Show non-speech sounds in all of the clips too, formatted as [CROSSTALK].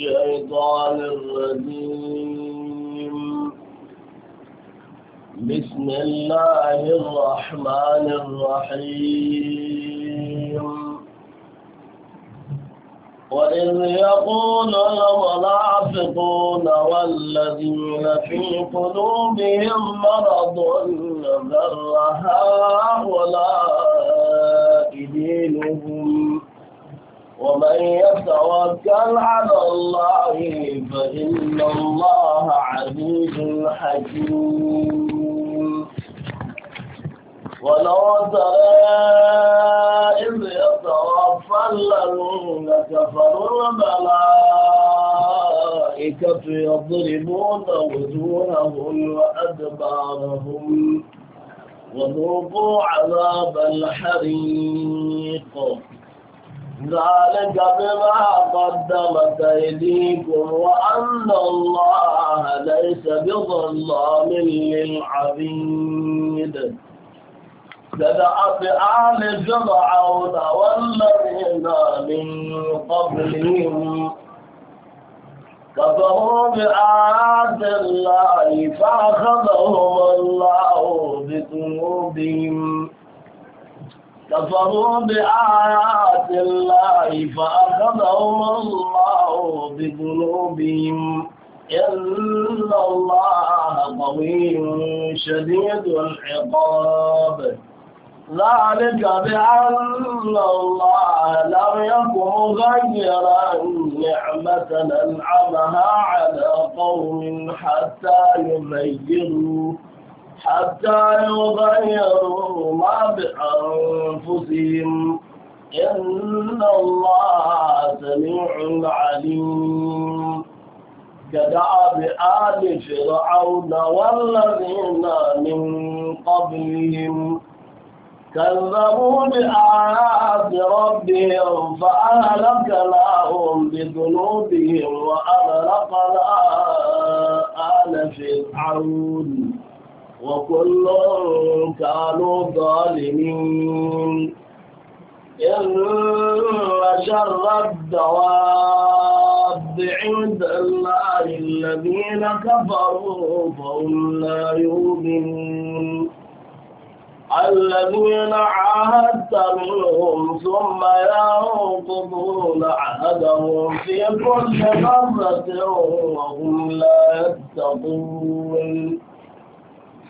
الشيطان الرجيم بسم الله الرحمن الرحيم وإذ يقول المنافقون والذين في قلوبهم مرض ذر هؤلاء دينهم ومن يتوكل على الله فإن الله عزيز حكيم ولو ترى إذ يتوفى الذين كفروا الملائكة يضربون وجوههم وأدبارهم وذوقوا عذاب الحريق ذلك بما قدمت أيديكم وأن الله ليس بظلام للعبيد بدأ بآل فرعون والذين من قبلهم كفروا بآيات الله فأخذهم الله بذنوبهم كفروا بآيات الله فأخذهم الله بذنوبهم إن الله قوي شديد العقاب ذلك بأن الله لم يكن مغيرا نعمة أنعمها على قوم حتى يميزوا حتى يغيروا ما بأنفسهم إن الله سميع عليم كدعب آل فرعون والذين من قبلهم كذبوا بآيات ربهم فأهلكناهم بذنوبهم وأغرقنا آل فرعون وكل كانوا ظالمين إن شر الدواب عند الله الذين كفروا فهم لا يؤمنون الذين عاهدت منهم ثم ينقضون عهدهم في كل مرة وهم لا يتقون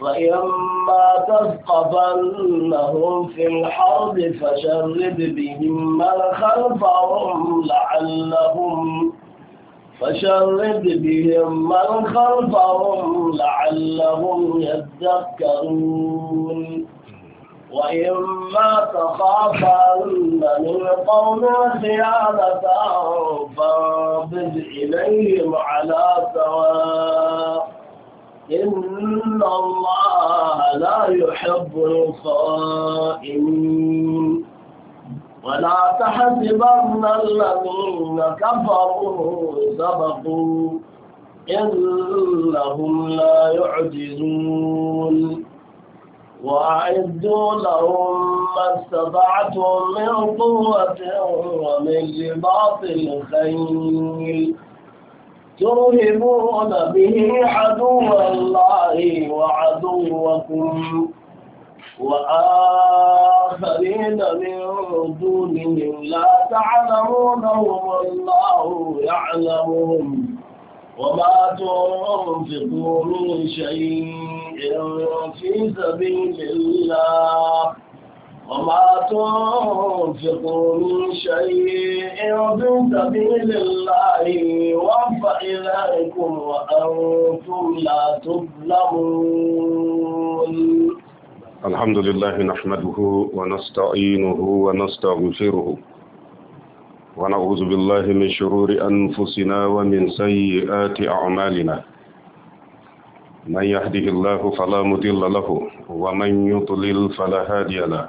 فإما تثقفنهم في الحرب فشرد بهم من خلفهم لعلهم فشرد بهم من خلفهم لعلهم يذكرون وإما تخافن من قوم خيانة فانبذ إليهم على سواء إن الله لا يحب الخائنين ولا تحسبن الذين كفروا سبقوا إنهم لا يعجزون وأعدوا لهم ما استطعتم من قوة ومن رباط الخيل ترهبون به عدو الله وعدوكم وآخرين من دونهم لا تعلمونهم الله يعلمهم وما تنفقوا من شيء في سبيل الله وما تنفقوا من شيء من سبيل الله وفى إليكم وأنتم لا تظلمون الحمد لله نحمده ونستعينه ونستغفره ونعوذ بالله من شرور أنفسنا ومن سيئات أعمالنا من يهده الله فلا مضل له ومن يضلل فلا هادي له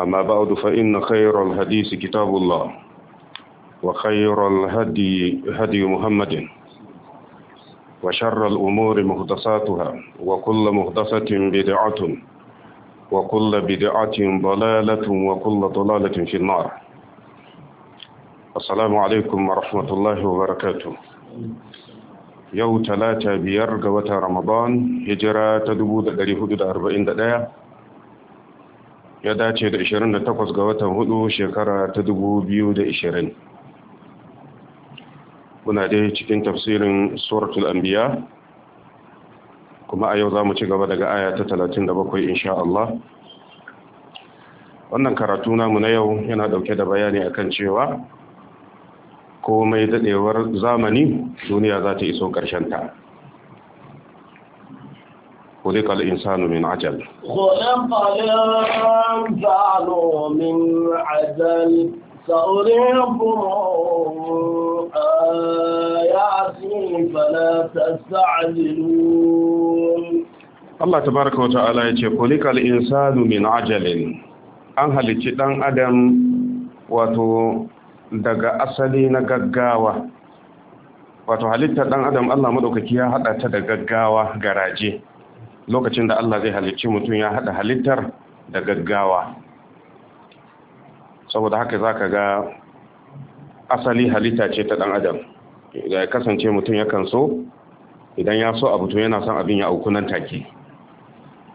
أما بعد فإن خير الحديث كتاب الله وخير الهدي هدي محمد وشر الأمور مهدساتها وكل مهدسة بدعة وكل بدعة ضلالة وكل ضلالة في النار السلام عليكم ورحمة الله وبركاته يوم ثلاثة بيرجى رمضان هجرة تدبود داري حدود أربعين دقيقة ya dace da 28 ga watan hudu shekara ta 2020 muna dai cikin tafsirin suratul anbiya kuma a yau za mu ci gaba daga aya ta 37 insha Allah wannan karatu namu na yau yana dauke da bayani akan cewa komai dadewar zamani duniya za ta iso ƙarshen ta خلق الإنسان من عجل خلق الإنسان من عجل سأريكم آياتي فلا تستعجلون Allah ta baraka wa ta'ala ya ce kulikal insanu min ajalin an halicci dan adam wato daga asali na gaggawa wato halitta dan adam Allah madaukaki ya haɗa ta da gaggawa garaje lokacin da Allah zai halicci mutum ya haɗa halittar da gaggawa saboda haka za ka ga asali halitta ce ta ɗan adam da ya kasance mutum yakan so idan ya so abu to yana son abin ya auku nan take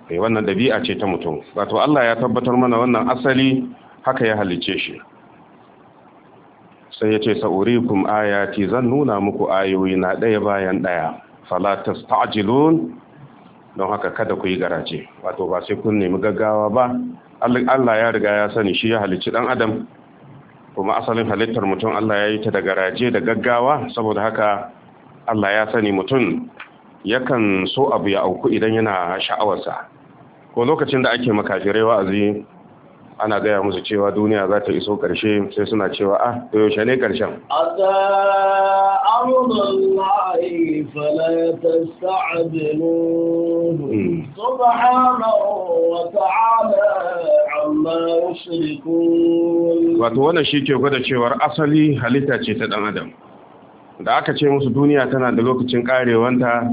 eh, wannan dabi'a ce ta mutum wato Allah ya tabbatar mana wannan asali haka ya halicce shi sai ya ce sa'urikum ayati zan nuna muku ayoyi na ɗaya bayan ɗaya fala ajilun. don haka kada ku yi garaje wato ba sai kun nemi gaggawa ba Allah ya riga ya sani shi ya halicci dan adam kuma asalin halittar mutum Allah ya yi ta da garaje da gaggawa saboda haka Allah ya sani mutum yakan so abu ya auku idan yana sha'awarsa ko lokacin da ake makafirai wa'azi ana gaya musu cewa duniya za ta iso ƙarshe sai suna cewa ah to yaushe ne ƙarshen hmm. wato wannan shi ke gwada cewar asali halitta ce ta ɗan adam da aka ce musu duniya tana da lokacin ƙarewanta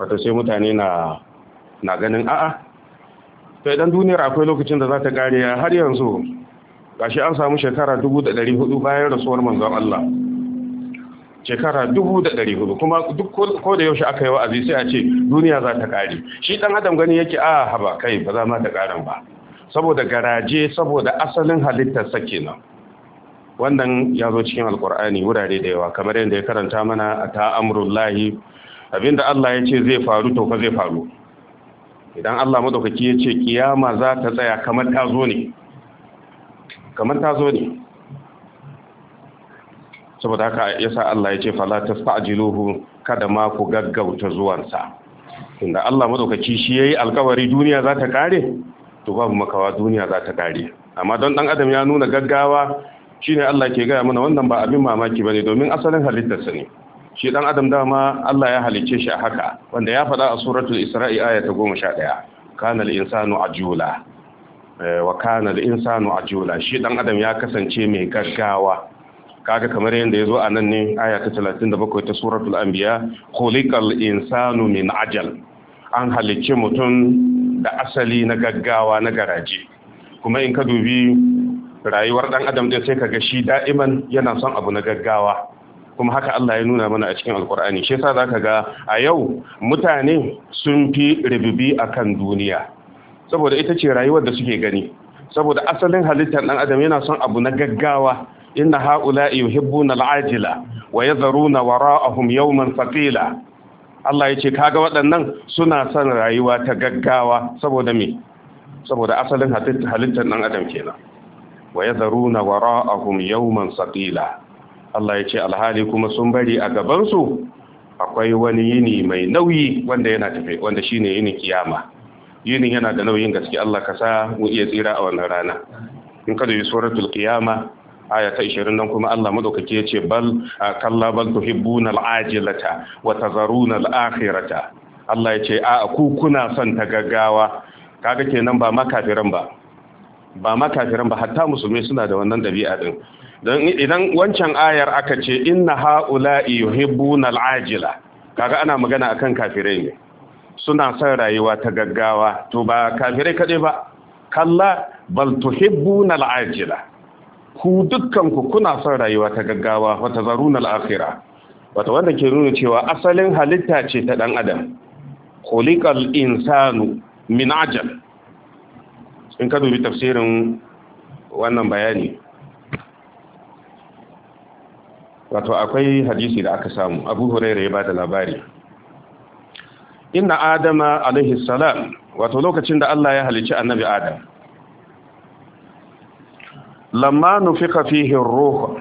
wato sai mutane na ganin a'a to idan duniyar akwai lokacin da za ta kare har yanzu gashi an samu shekara 1400 bayan rasuwar manzon Allah shekara 1400 kuma duk ko da yaushe aka yi wa'azi sai a ce duniya za ta kare shi dan adam gani yake a ah, haba kai ba za ma ta karan ba saboda garaje saboda asalin halittar sa kenan wannan ya zo cikin alkur'ani wurare da yawa kamar yadda ya karanta mana a ta abinda Allah ya ce zai faru to ka zai faru idan Allah madaukaki ya ce kiyama za ta tsaya kamar ta zo ne kamar ta zo ne saboda haka yasa Allah ya ce fala tasta'jiluhu kada ma ku gaggauta zuwansa tunda Allah madaukaki shi yayi alkawari duniya za ta kare to babu makawa duniya za ta kare amma don dan adam ya nuna gaggawa shine Allah ke gaya mana wannan ba abin mamaki bane domin asalin halittarsa ne shi dan adam dama Allah ya halicce shi a haka wanda ya faɗa a suratul isra'i ayata goma 11 kana al-insanu ajula eh, wa kana al-insanu ajula shi ɗan adam ya kasance mai gaggawa kaga kamar yadda ya zo a nan ne talatin da 37 ta suratul anbiya khuliqal insanu min ajal an halicce mutum da asali na gaggawa na garaje kuma in ka dubi rayuwar ɗan adam ɗin sai kaga shi da'iman yana son abu na gaggawa kuma haka Allah ya nuna mana a cikin alkur'ani shi za ka ga a yau mutane sun fi rububi kan duniya saboda ita ce rayuwar da suke gani saboda asalin halittar dan adam yana son abu na gaggawa inna haula yuhibbuna al'ajila wa yadharuna wara'ahum yawman thaqila Allah ya ce kaga waɗannan suna son rayuwa ta gaggawa saboda me saboda asalin halittar dan adam kenan wa yadharuna wara'ahum yawman thaqila Allah ya ce alhali kuma sun bari a gabansu akwai wani yini mai nauyi wanda yana tafe wanda shine yinin kiyama yinin yana da nauyin gaske Allah ka sa mu iya tsira a wannan rana in ka dubi suratul qiyama aya ta 20 nan kuma Allah madaukake yace bal kalla bal tuhibbuna al-ajilata wa tazaruna al-akhirata Allah yace a ku kuna son ta gaggawa kaga kenan ba makafiran ba ba makafiran ba hatta musulmai suna da wannan dabi'a din don idan wancan ayar aka ce inna ha'ula'i yuhibbuna al'ajila kaga ana magana akan kafirai ne suna son rayuwa ta gaggawa to ba kafirai kaɗai ba kalla bal tuhibbuna al'ajila ku dukkan ku kuna son rayuwa ta gaggawa wata zaruna al'akhirah wata wanda ke nuna cewa asalin halitta ce ta dan adam khuliqal insanu min ajal in ka dubi tafsirin wannan bayani wato akwai hadisi da aka samu abu huraira ya bada labari inna adama alaihi salam wato lokacin da Allah ya halicci annabi adam lamma nufika fihi ruhu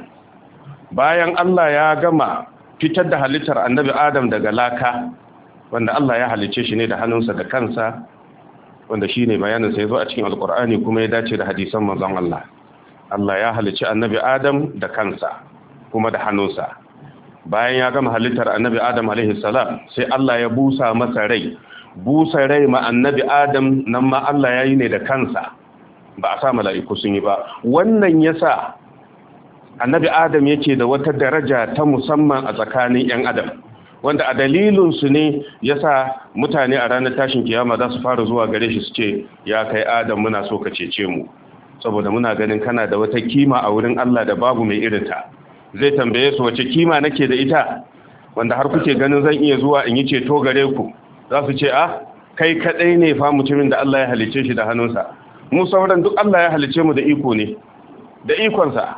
bayan Allah ya gama fitar da halittar annabi adam daga laka wanda Allah ya halicce shi ne da hannunsa da kansa wanda shi ne bayaninsa ya zo a cikin alkur'ani kuma ya dace da hadisan manzon Allah Allah ya halicci annabi adam da kansa kuma da hannunsa bayan ya gama halittar annabi adam alaihi salam sai Allah ya busa masa rai busa rai ma annabi adam nan ma Allah ya yi ne da kansa ba a sa mala'iku sun yi ba wannan ya sa annabi adam yake da wata daraja ta musamman a tsakanin 'yan adam wanda a dalilinsu ne ya sa mutane a ranar tashin kiyama za su fara zuwa gare shi su ya kai adam muna so ka cece mu saboda muna ganin kana da wata kima a wurin allah da babu mai irinta zai tambaye su wace kima nake da ita wanda har kuke ganin zan iya zuwa in yi ceto gare ku za su ce a, ah, kai kadai ne fa mutumin da Allah ya halice shi da hannunsa mu sauran duk Allah ya halice mu da iko ne da ikonsa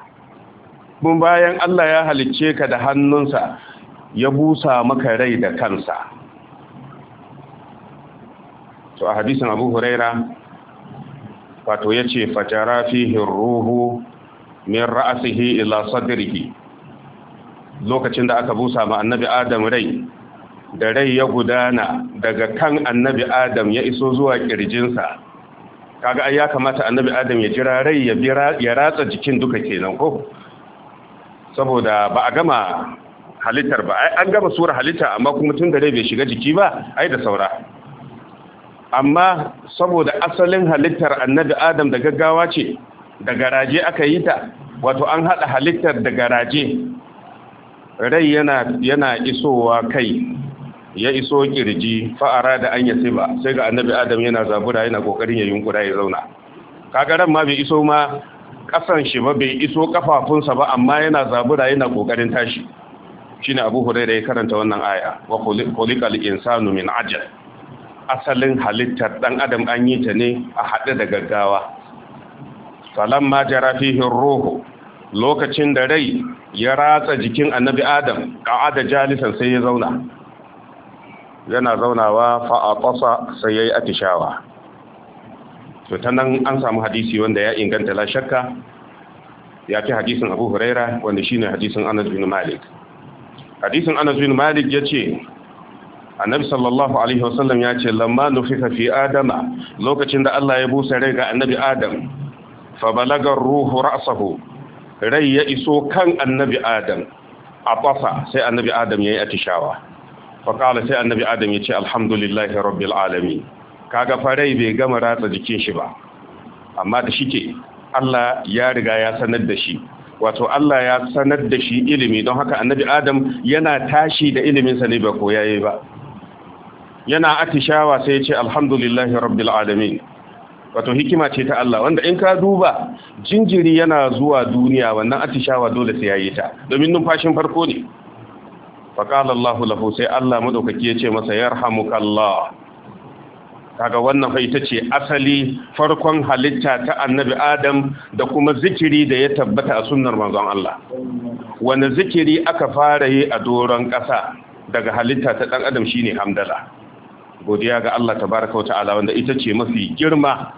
Mun bayan Allah ya halice ka da hannunsa ya busa maka rai da kansa to a hadisin Abu Huraira wato yace fatara fihi ruhu min ra'sihi ila sadrihi lokacin da aka busa ma annabi adam rai da rai ya gudana daga kan annabi adam ya iso zuwa kirjinsa kaga ai ya kamata annabi adam ya jira rai ya ratsa jikin duka kenan ko saboda ba a gama halittar ba ai an gama sura halitta amma kuma tun da rai bai shiga jiki ba ai da saura amma saboda asalin halittar annabi adam da gaggawa ce da garaje aka yi ta wato an haɗa halittar da garaje rai yana yana isowa kai ya iso kirji fa'ara da an yasi ba sai ga annabi adam yana zabura yana kokarin ya yunkura ya zauna kagaran ma bai iso ma kasan shi ba bai iso kafafunsa ba amma yana zabura yana kokarin tashi shine Abu da ya karanta wannan aya wa khuliqal insanu min ajal asalin halittar dan adam an yi ta ne a hade da gaggawa ma jara fihi ruhu lokacin da rai ya ratsa jikin annabi adam ka'ada jalisan sai ya zauna yana zaunawa ƙasa sai ya yi atishawa to ta nan an samu hadisi wanda ya inganta la shakka ya fi hadisin Abu Huraira wanda shine hadisin Anas bin Malik hadisin Anas bin Malik yace Annabi sallallahu alaihi wasallam ya ce lamma nufifa fi adama lokacin da Allah ya busa rai ga annabi Adam fa balaga ruhu ra'sahu rai ya iso kan annabi adam a ƙasa, sai annabi adam ya yi atishawa faƙala sai annabi adam ya ce alhamdulillahi rabbil alami kaga farai bai gama ratsa jikin shi ba amma da shi ke Allah ya riga ya sanar da shi wato Allah ya sanar da shi ilimi don haka annabi adam yana tashi da iliminsa ne ba ko koyaye ba yana atishawa sai ya ce alhamdulillahi rabbil alamin wato hikima ce ta Allah wanda in ka duba jinjiri yana zuwa duniya wannan atishawa dole sai yayi ta domin numfashin farko ne fa qala Allahu lahu sai Allah madaukaki yace masa yarhamukallah kaga wannan fa ita ce asali farkon halitta ta annabi Adam da kuma zikiri da ya tabbata a sunnar manzon Allah wani zikiri aka fara yi a doron ƙasa daga halitta ta dan adam shine hamdala godiya ga Allah tabaraka wata'ala wanda ita ce mafi girma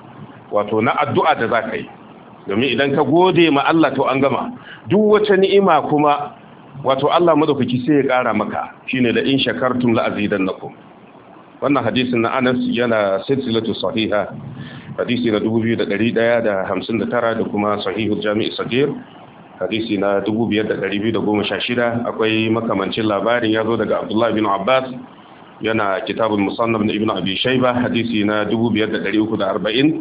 wato na addu'a da za ka yi domin idan ka gode ma Allah to an gama duk wata ni'ima kuma wato Allah madaukaki sai ya ƙara maka shi ne da in la'azidan na ku. wannan hadisin na Anas yana silsilatu sahiha hadisi na 2159 da kuma sahihul jami'i sagir hadisi na 2216 akwai makamancin labarin ya zo daga Abdullahi bin Abbas yana kitabun musannaf na Ibn Abi Shayba hadisi na 2340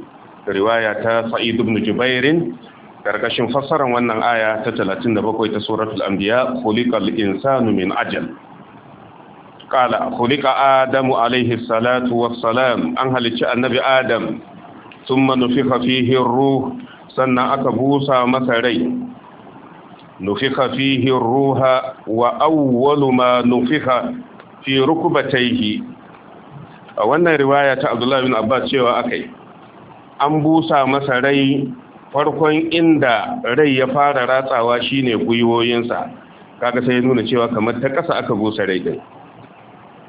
riwaya ta sa'id ibn jubairin karkashin fassarar wannan aya ta 37 ta suratul anbiya khuliqal insanu min ajal qala khuliqa adamu alayhi salatu wassalam an halicci annabi adam thumma nufikha fihi ruh sannan aka busa masa rai nufikha fihi ruha wa awwalu ma nufikha fi rukbatayhi a wannan riwaya ta Abdullahi bin Abbas cewa akai an busa masa rai farkon inda rai ya fara ratsawa shine gwiwoyinsa kaga sai ya nuna cewa kamar ta ƙasa aka busa rai din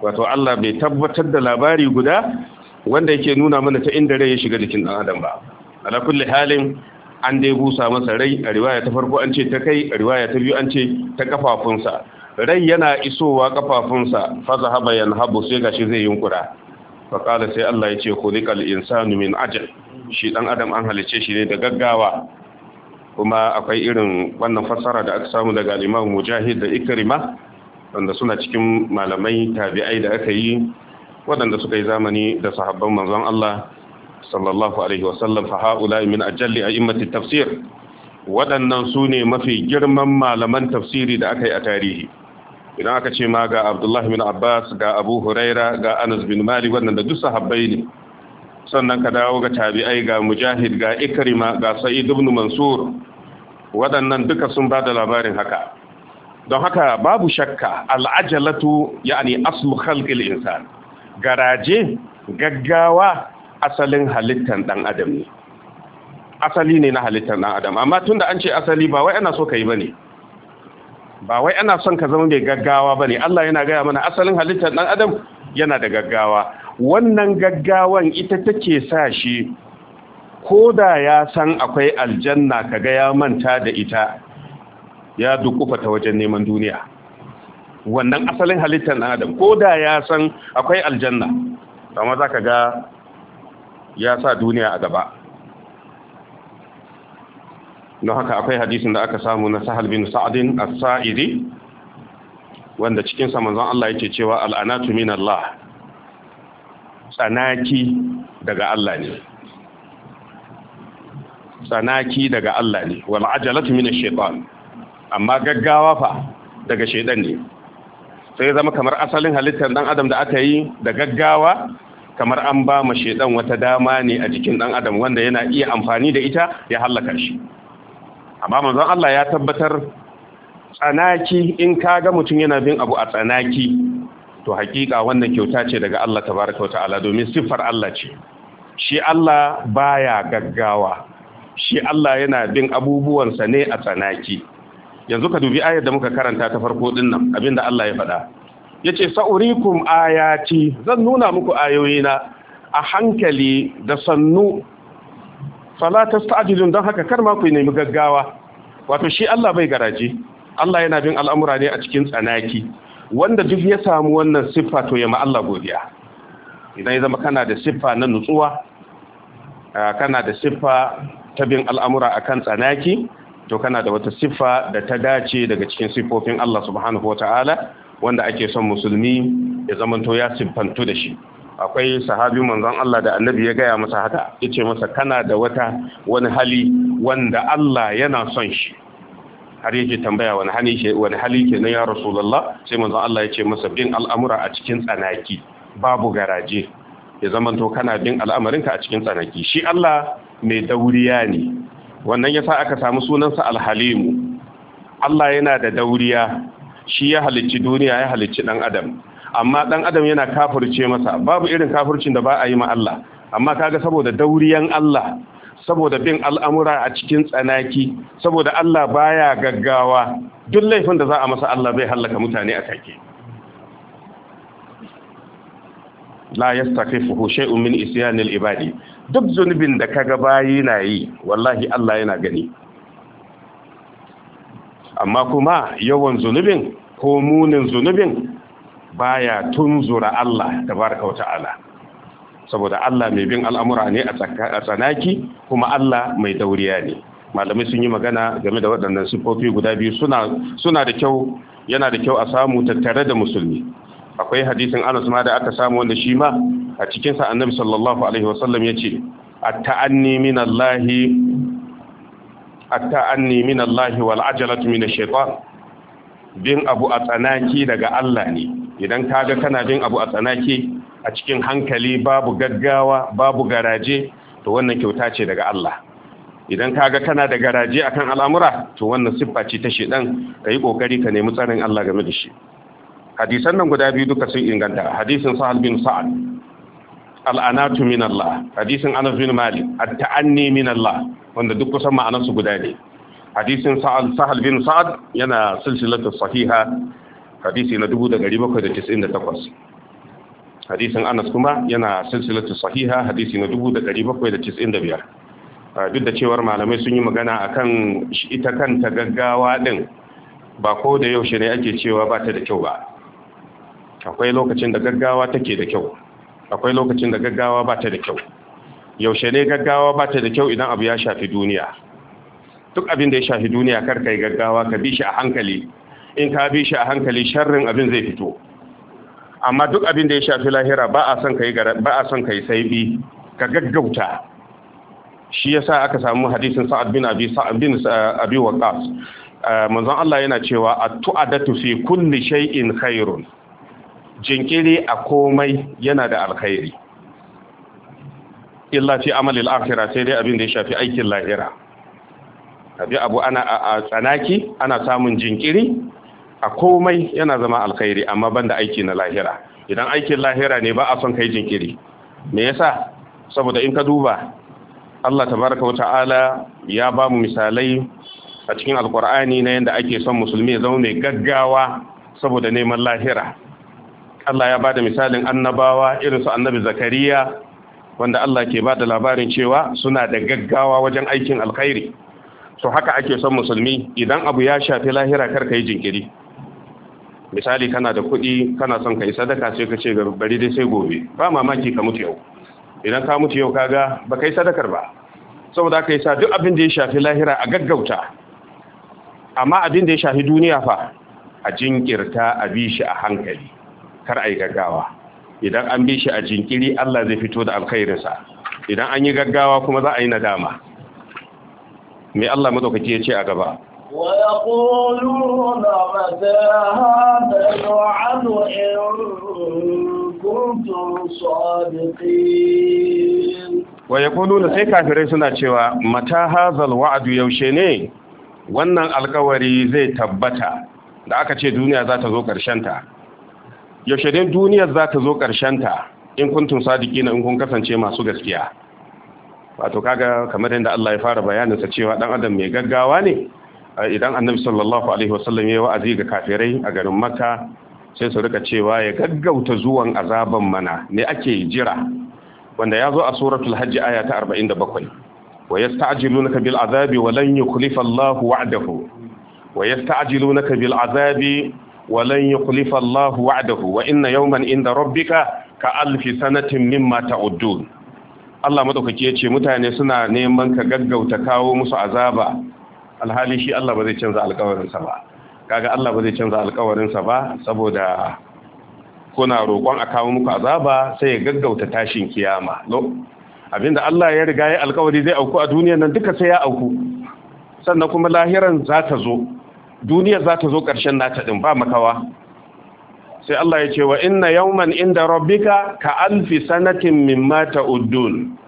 wato Allah bai tabbatar da labari guda wanda yake nuna mana ta inda rai ya shiga jikin ɗan adam ba ala kulli halin an dai busa masa rai a riwaya ta farko an ce ta kai a riwaya ta biyu an ce ta kafafunsa rai yana isowa kafafunsa fa zahaba yanhabu sai gashi zai yunkura faƙala sai Allah ya ce kulikal insanu min ajal shi ɗan adam an halice shi ne da gaggawa kuma akwai irin wannan fassara da aka samu daga imam mujahid da ikrima wanda suna cikin malamai tabi'ai da aka yi waɗanda suka yi zamani da sahabban manzon Allah sallallahu alaihi wasallam fa haula min ajalli a'immati tafsir waɗannan su ne mafi girman malaman tafsiri da aka yi a tarihi idan aka ce ma ga abdullahi bin abbas ga abu huraira ga anas bin Mali, waɗanda duk sahabbai ne sannan ka dawo ga tabi'ai ga mujahid ga ikrima ga sa'id ibn mansur waɗannan duka sun ba da labarin haka don haka babu shakka al'ajalatu yani aslu khalqil insan garaje gaggawa asalin halittar dan adam ne asali ne na halittar dan adam amma tunda an ce asali ba wai ana so kai bane ba wai ana son ka zama mai gaggawa ba ne Allah yana gaya mana asalin halittar ɗan adam yana da gaggawa wannan gaggawan ita take sa shi ko da ya san akwai aljanna ka ga ya manta da ita ya dukufa ta wajen neman duniya wannan asalin halittar ɗan adam ko da ya san akwai aljanna amma za ka ga ya sa duniya a gaba don haka akwai hadisin da aka samu na sahal bin sa'adin as-sa'idi wanda cikin sa manzon Allah yake cewa al'anatu min Allah tsanaki daga Allah ne tsanaki daga Allah ne wal ajalatu min ash-shaytan amma gaggawa fa daga shaytan ne sai zama kamar asalin halittar dan adam da aka yi da gaggawa kamar an ba ma shaytan wata dama ne a jikin dan adam wanda yana iya amfani da ita ya halaka shi amma manzon Allah ya tabbatar tsanaki in kaga mutum yana bin abu a tsanaki to haƙiƙa wannan kyauta ce daga Allah tabaraka wa ta'ala domin siffar Allah ce shi Allah baya gaggawa shi Allah yana bin abubuwansa ne a tsanaki yanzu ka dubi ayar da muka karanta ta farko din nan abinda Allah ya faɗa yace sa'urikum ayati zan nuna muku ayoyina a hankali da sannu fala ajilun don haka kar ma ku nemi gaggawa wato shi Allah bai garaje Allah yana bin al'amura ne a cikin tsanaki wanda duk ya samu wannan siffa to ya Allah godiya idan ya zama kana da siffa na nutsuwa kana da siffa ta bin al'amura akan tsanaki to kana da wata siffa da ta dace daga cikin siffofin Allah subhanahu wata'ala wanda ake son musulmi ya zamanto ya siffantu da shi akwai sahabi manzon Allah da annabi ya gaya masa haka Ya ce masa kana da wata wani hali wanda Allah yana son shi har yake tambaya wani hali ke wani hali ke na ya rasulullah sai manzon Allah yace masa bin al'amura a cikin tsanaki babu garaje ya to kana bin al'amarinka a cikin tsanaki shi Allah mai dauriya ne wannan yasa aka samu sunansa alhalimu Allah yana da dauriya shi ya halicci duniya ya halicci dan adam amma ɗan adam yana kafirce masa babu irin kafircin da ba a yi ma Allah amma kaga saboda dauriyan Allah saboda bin al'amura a cikin tsanaki saboda Allah baya gaggawa duk laifin da za a masa Allah bai hallaka mutane a take la yastakifuhu shay'un min isyanil ibadi duk zunubin da kaga bayi na yi wallahi Allah yana gani amma kuma yawan zunubin ko munin zunubin baya tunzura Allah tabaraka wa ta'ala saboda Allah mai bin al'amura ne a tsanaki kuma Allah mai dauriya ne malamai sun yi magana game da waɗannan siffofi guda biyu suna da kyau yana da kyau a samu tattare da musulmi akwai hadisin Anas ma da aka samu wanda shi ma a cikin sa Annabi sallallahu alaihi wasallam yace at-ta'anni min Allah at-ta'anni min Allah wal ajalatu min ash-shaytan bin abu a tsanaki daga Allah ne idan kaga kana bin abu a tsanaki a cikin hankali babu gaggawa babu garaje to wannan kyauta ce daga Allah idan kaga kana da garaje akan al'amura to wannan siffa ce ta shedan kai kokari ka nemi tsarin Allah game da shi hadisan nan guda biyu duka sun inganta hadisin Sa'ad bin Sa'ad al'anatu min Allah hadisin Anas bin Malik at-ta'anni min Allah wanda duk kusan ma'anarsu guda ne hadisin sahal bin sa'ad yana silsilatu sahiha hadisi na 1798 hadisin Anas kuma yana silsilatu sahiha hadisi na 1795 duk da cewar malamai sun yi magana akan ita kanta gaggawa din ba ko da yaushe ne ake cewa ba ta da kyau ba akwai lokacin da gaggawa take da kyau akwai lokacin da gaggawa ba ta da kyau yaushe ne gaggawa ba ta da kyau idan abu ya shafi duniya duk abin da ya shafi duniya kar kai gaggawa ka bi shi a hankali in ka bi shi a hankali sharrin abin zai fito amma duk abin da ya shafi lahira ba a son kai ba a son kai sai bi ka gaggauta shi yasa aka samu hadisin Sa'ad bin Abi Sa'ad bin eh, Abi waqas eh, manzon Allah yana cewa at-tu'adatu fi kulli shay'in khairun jinkiri a komai yana da alkhairi illa fi amalil akhirah sai dai abin da ya shafi aikin lahira abi abu ana a tsanaki ana samun jinkiri a komai yana zama alkhairi amma banda aiki na lahira idan aikin lahira ne ba a son kai jinkiri me yasa saboda in ka duba Allah tabaraka wa ta'ala ya ba mu misalai a cikin alkur'ani na yadda ake son musulmi ya zama mai gaggawa saboda neman lahira Allah ya ba da misalin annabawa irin su annabi zakariya wanda Allah ke ba da labarin cewa suna da gaggawa wajen aikin alkhairi so haka ake son musulmi idan abu ya shafi lahira kar ka yi jinkiri misali kana da kuɗi kana son ka yi sadaka sai ka ce ga bari dai sai gobe ba mamaki ka mutu yau idan ka mutu yau kaga ba ka yi sadakar ba saboda ka yi sa duk abin da ya shafi lahira a gaggauta amma abin da ya shafi duniya fa a jinkirta a bi shi a hankali kar a yi gaggawa idan an bi shi a jinkiri Allah zai fito da alkhairinsa idan an yi gaggawa kuma za a yi nadama me Allah madaukaki ya ce a gaba wa yaquluna sai kafirai suna cewa mata hazal wa'adu yaushe ne wannan alkawari zai tabbata da aka ce duniya za ta zo ta. yaushe ne duniyar za ta zo ta? in kuntum sadiqina in kun kasance masu gaskiya wato kaga kamar yadda Allah ya fara bayaninsa cewa dan adam mai gaggawa ne idan annabi sallallahu alaihi wasallam ya wa'azi ga kafirai a garin makka sai su rika cewa ya gaggauta zuwan azaban mana ne ake jira wanda ya zo a suratul hajji aya ta 47 wa yasta'jilunaka bil azabi wa lan yukhlifa Allahu wa'dahu wa yasta'jilunaka bil azabi Wa ولن يخلف الله وعده وإن يوما عند ربك كألف سنة مما تعدون Allah madaukaki ya ce mutane suna neman ka gaggauta kawo musu azaba alhali shi Allah ba zai canza alkawarinsa ba kaga Allah ba zai canza alkawarinsa ba saboda kuna roƙon a kawo muku azaba sai ya gaggauta tashin kiyama abinda Allah ya riga ya alkawari zai auku a duniyar nan duka sai ya auku sannan kuma lahiran za ta zo duniyar za ta zo ƙarshen nata ɗin ba makawa sai Allah ya ce wa inna yawman inda rabbika ka alfi sanatin mimma ta'uddun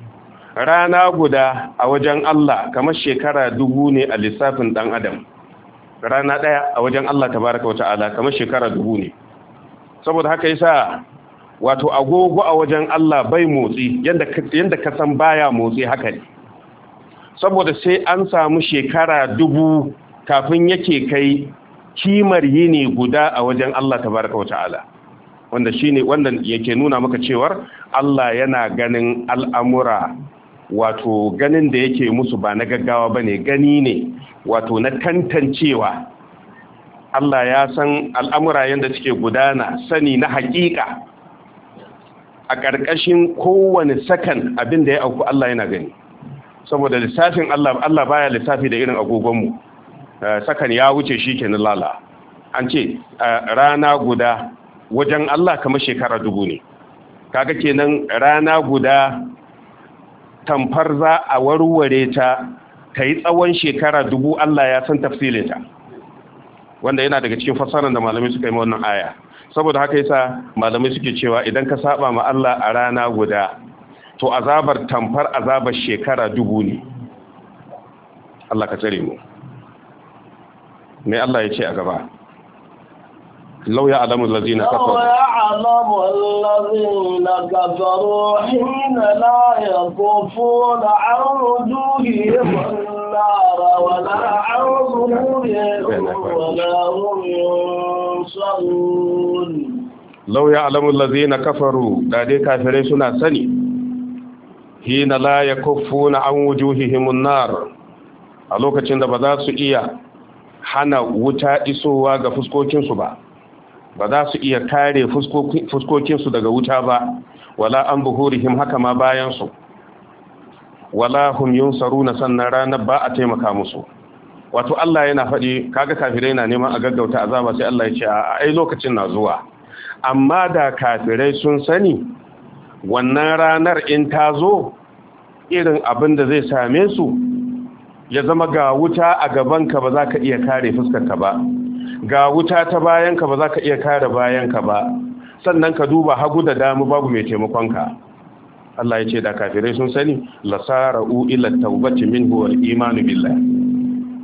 rana guda a wajen Allah kamar shekara dubu ne a lissafin dan adam rana daya a wajen Allah tabaraka wa kamar shekara dubu ne saboda haka yasa wato agogo a wajen Allah bai motsi yadda ka san baya motsi haka ne saboda sai an samu shekara dubu kafin yake kai kimar yini guda a wajen Allah ta wa ta'ala wanda shi ne, wanda yake nuna maka cewar Allah yana ganin al'amura wato ganin da yake musu ba na gaggawa ba ne, gani ne wato na tantancewa Allah ya san al'amura yadda suke gudana sani na haƙiƙa a ƙarƙashin kowane sakan abin da ya auku Allah yana gani saboda lissafin Allah Allah baya lissafi da irin agogonmu Eh, sakan ya wuce shi kenan lala an ce eh, rana guda wajen Allah kamar shekara dubu ne kaga kenan rana guda tamfar za a warware ta ta yi tsawon shekara dubu Allah ya san ta wanda yana daga cikin fassarar da malamai suka yi wannan aya saboda haka yasa malamai suke cewa idan ka saba ma Allah a rana guda to azabar tamfar azabar shekara dubu ne Allah ka tsare mu Mai Allah ya ce a gaba Lauya ya lazina kafaru Lauya ya lazina kafaru hina wa kafaru da dai kafirai suna sani hina la yaqufuna an wujuhihim nar a lokacin da ba za su iya hana wuta isowa ga fuskokinsu ba ba za su iya kare fuskokinsu daga wuta ba wala an buhurihim haka ma bayansu wala tsaro na sannan ranar ba a taimaka musu wato Allah yana faɗi kaga kafirai na neman a gaggauta azaba sai Allah ya ce a ai lokacin na zuwa amma da kafirai sun sani wannan ranar in ta zo irin abin da zai same su ya zama ga wuta a gabanka ba za ka iya kare fuskarka ba ga wuta ta bayanka ba za ka iya kare bayanka ba sannan ka duba hagu da damu babu mai taimakonka Allah ya ce da kafirai sun sani lasara'u ila taubati minhu wal imanu billah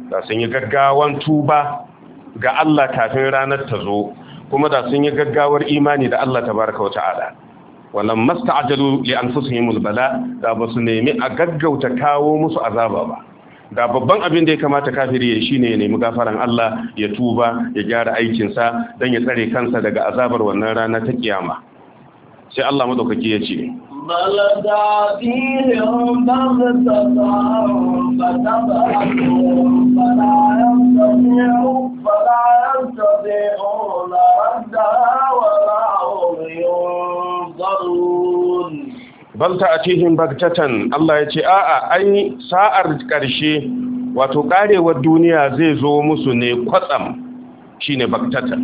da sun yi gaggawan tuba ga Allah kafin ranar ta zo kuma da sun yi gaggawar imani da Allah tabaraka wa ta'ala wannan masta'jalu li anfusihim bala da ba su nemi a gaggauta kawo musu azaba ba da babban abin da ya kamata kafiri ya shine ya nemi gafaran Allah ya tuba ya gyara aikinsa don ya tsare kansa daga azabar wannan rana ta kiyama sai Allah madaukaki ya ce فلا bal ta'atihim bagtatan Allah ya ce a'a ai sa'ar ƙarshe wato ƙarewar duniya zai zo musu ne kwatsam shine bagtatan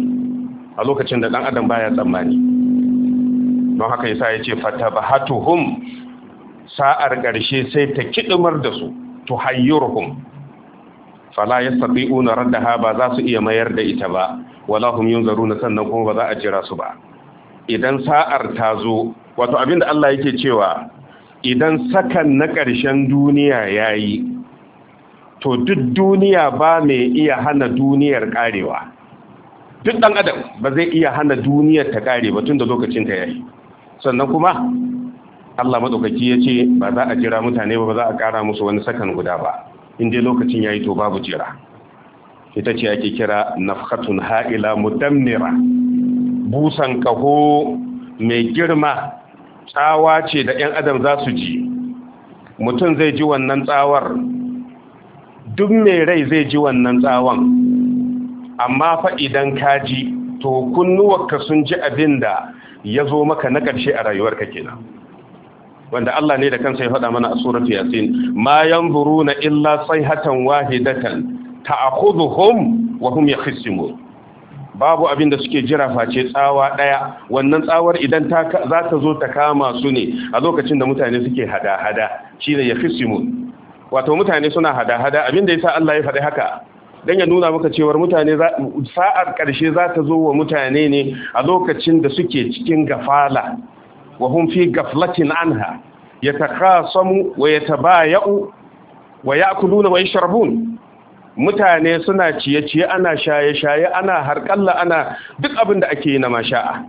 a lokacin da ɗan adam baya tsammani don haka yasa ya ce fatabahatuhum sa'ar ƙarshe sai ta kidumar da su tuhayyurhum fala yastati'una raddaha ba za su iya mayar da ita ba wala hum yunzaruna sannan kuma ba za a jira su ba idan sa'ar ta zo wato abinda Allah yake cewa idan sakan na ƙarshen duniya ya yi to duk duniya ba mai iya hana duniyar ƙarewa duk ɗan adam ba zai iya hana duniyar ta ƙare ba tun da lokacin ta yayi sannan kuma Allah maɗaukaki ya ce ba za a jira mutane ba ba za a ƙara musu wani sakan guda ba in dai lokacin ya yi to babu jira ita ce ake kira nafhatun ha'ila mudammira busan kaho mai girma tsawa ce da 'yan adam za su ji mutum zai ji wannan tsawar duk mai rai zai ji wannan tsawon amma fa idan ka ji to kunnuwarka sun ji abin da ya zo maka na ƙarshe a rayuwar rayuwarka kenan wanda Allah ne da kansa ya faɗa mana a suratu yasin ma yanzuruna illa sayhatan wahidatan ta'khudhuhum wa hum yakhsimun babu abin da suke jira face tsawa ɗaya wannan tsawar idan za ta zo ta kama su ne a lokacin da mutane suke hada-hada shi ne ya fisimu wato mutane suna hada-hada abin da ya sa Allah ya faɗi haka don ya nuna maka cewar mutane sa'ar ƙarshe za ta zo wa mutane ne a lokacin da suke cikin gafala wa hum fi gaflatin anha yatakasamu wa yatabaya'u wa ya'kuluna wa sharbun? mutane suna ciye-ciye ana shaye-shaye ana harƙalla ana duk abin da ake yi na masha'a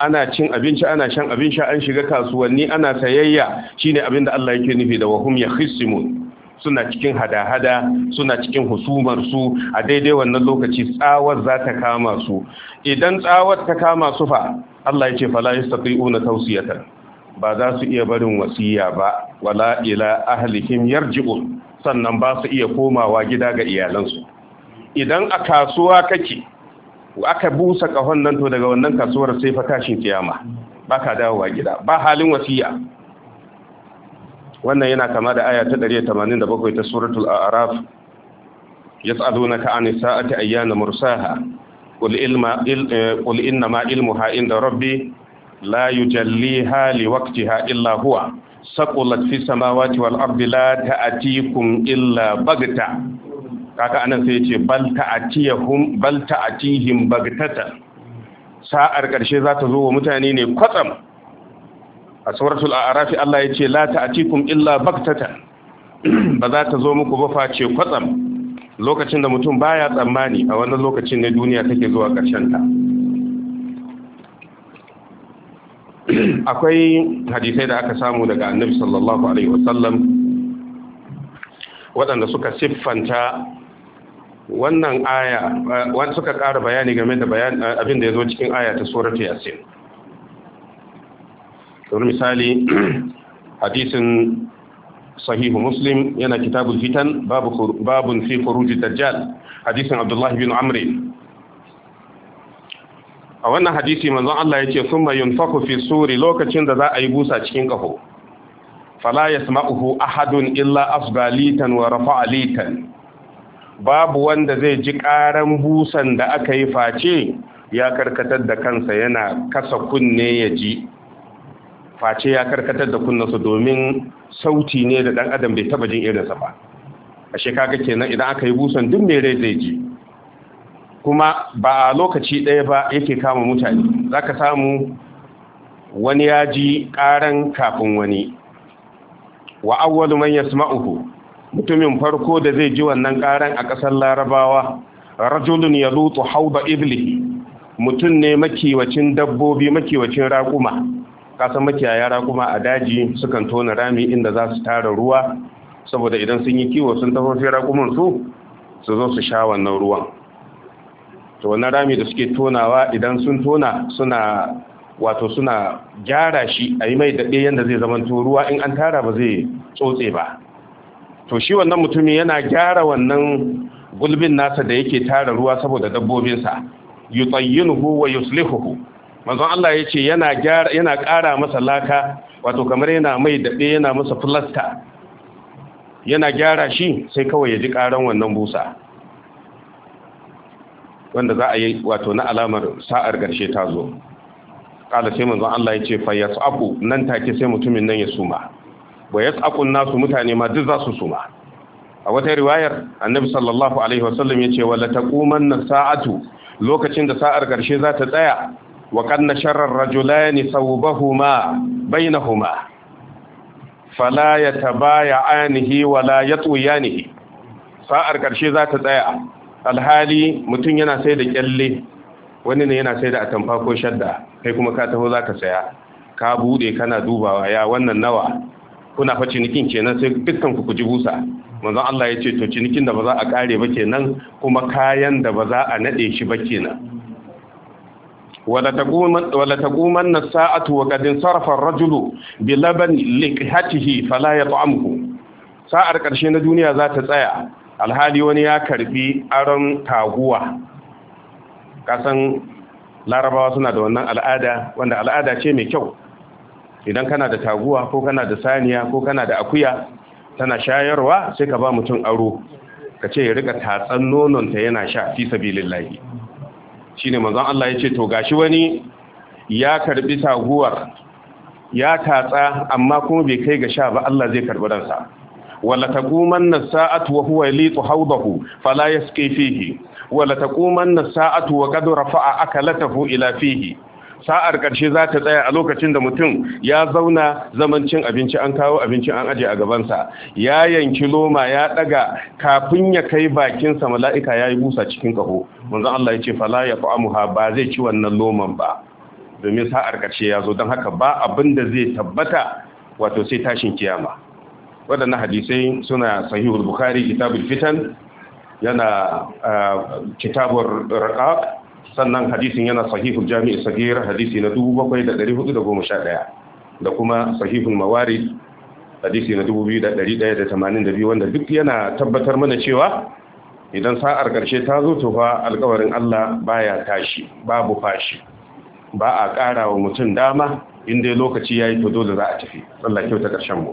ana cin abinci ana shan abin sha an shiga kasuwanni ana sayayya shine abin da Allah yake nufi da wahum yakhisimun suna cikin hada-hada suna cikin husumar su a daidai wannan lokaci tsawar za ta kama su idan tsawar ta kama su fa Allah ya ce fala yastaqiuna tawsiyatan ba za su iya barin wasiya ba wala ila ahlihim yarji'un sannan ba su iya komawa gida ga iyalansu idan a kasuwa kake aka busa kahon nan to daga wannan kasuwar sai fa tashin kiyama ba ka dawowa gida ba halin wasiya wannan yana kama da aya ta 187 ta suratul a'raf yas'alunaka 'ani sa'ati ayyana mursaha qul ilma eh, qul innama ilmuha inda rabbi la yujalliha liwaqtiha illa huwa saqulat fi samawati wal ardi la ta'atikum illa bagta kaka anan sai yace bal ta'atihum bal ta'atihim bagtata sa'ar karshe za ta zo wa mutane ne kwatsam a suratul a'raf Allah yace la ta'atikum illa bagtata ba za ta zo muku ba face kwatsam lokacin da mutum baya tsammani a wannan lokacin ne duniya take zuwa karshen ta akwai hadisai da aka samu daga annabi sallallahu alaihi wasallam waɗanda suka siffanta wannan aya eh, wanda suka ƙara bayani game da eh, abin da ya zo cikin aya ta suratu yasin kamar misali [CLEARS THROAT] hadisin sahihu muslim yana kitabul fitan babun fi khuruj dajjal hadisin abdullahi bin amri. a wannan hadisi manzon Allah yace summa yunfaku fi suri lokacin da za a yi busa cikin kaho fala yasma'uhu ahadun illa afdalitan wa rafa'alitan babu wanda zai ji karan busan da aka yi face ya karkatar da kansa yana kasa kunne ya ji face ya karkatar da kunnensa domin sauti ne da ɗan adam bai taba jin irinsa ba a shekara kenan idan aka yi busan duk mai rai zai ji kuma ba a lokaci ɗaya ba yake kama mutane za ka samu wani ya ji ƙaran kafin wani wa awwalu man yasma'uhu mutumin farko da zai ji wannan ƙaran a ƙasar larabawa rajulun ya lutu hauba ibli mutum ne makiwacin dabbobi makiwacin raƙuma kasan makiyaya raƙuma a daji sukan tona rami inda za su tara ruwa saboda idan sun yi kiwo sun tafafi raƙumansu su su zo su sha wannan ruwan to wannan rami da suke tonawa idan sun tona suna wato suna gyara shi a yi mai daɗe yadda zai zama ruwa in an tara ba zai tsotse ba to shi wannan mutumi yana gyara wannan gulbin nasa da yake tara ruwa saboda dabbobinsa hu wa yuslihuhu manzon Allah ya ce yana gyara yana ƙara masa laka wato kamar yana mai daɗe yana masa filasta yana gyara shi sai kawai ya ji ƙaran wannan busa wanda za a yi wato na alamar sa'ar garshe ta zo kala sai manzon Allah ya ce fa nan take sai mutumin nan ya suma wa yas'aqu nasu mutane ma duk za su suma a wata riwayar annabi sallallahu alaihi wasallam ya ce wala taqumanna sa'atu lokacin da sa'ar garshe za ta tsaya wa kanna sharrar rajulani sawbahuma bainahuma fala yatabaya'anihi wala yatuyanihi sa'ar karshe za ta tsaya alhali mutum yana sai da kyalle wani ne yana sai da atamfa ko shadda kai kuma ka taho za ka saya ka bude kana dubawa ya wannan nawa kuna fa cinikin kenan sai dukkan ku ji busa manzo Allah ya ce to cinikin da ba za a kare ba kenan kuma kayan da ba za a nade shi ba kenan wala taquma wala taquman sa'atu wa qad sarafa ar-rajulu bi laban liqhatihi fala yat'amuhu sa'ar karshe na duniya za ta tsaya alhali wani ya karbi aron taguwa kasan larabawa suna da wannan al'ada wanda al'ada ce mai kyau idan kana da taguwa ko kana da saniya ko kana da akuya tana shayarwa sai ka ba mutum aro ka ce ya rika tatsan nononta yana sha fi Shi ne manzon Allah ya ce to gashi wani ya karbi taguwar ya tatsa amma kuma bai kai ga sha ba Allah zai karbi ransa wala taqumanna sa'atu wa huwa yalitu hawdahu fala yasqi fihi wala taqumanna sa'atu wa qad akalatahu ila fihi sa'ar ƙarshe za ta tsaya a lokacin da mutum ya zauna zaman cin abinci an kawo abinci an aje a gabansa ya yanki loma ya ɗaga kafin ya kai bakinsa mala'ika ya yi busa cikin kaho. manzon Allah ya ce fala ya fa'amuha ba zai ci wannan loman ba domin sa'ar ƙarshe ya zo don haka ba abin da zai tabbata wato sai tashin kiyama waɗannan hadisai suna sahihul bukhari kitabul fitan yana kitabur raqaq sannan hadisin yana sahihul jami'i sagir hadisi na 7411 da kuma sahihul mawarid hadisi na 2182 wanda duk yana tabbatar mana cewa idan sa'ar ƙarshe ta zo tufa alkawarin Allah baya tashi babu fashi ba a ƙara wa mutum dama inda lokaci ya yi to dole za a tafi Allah kyauta ƙarshen mu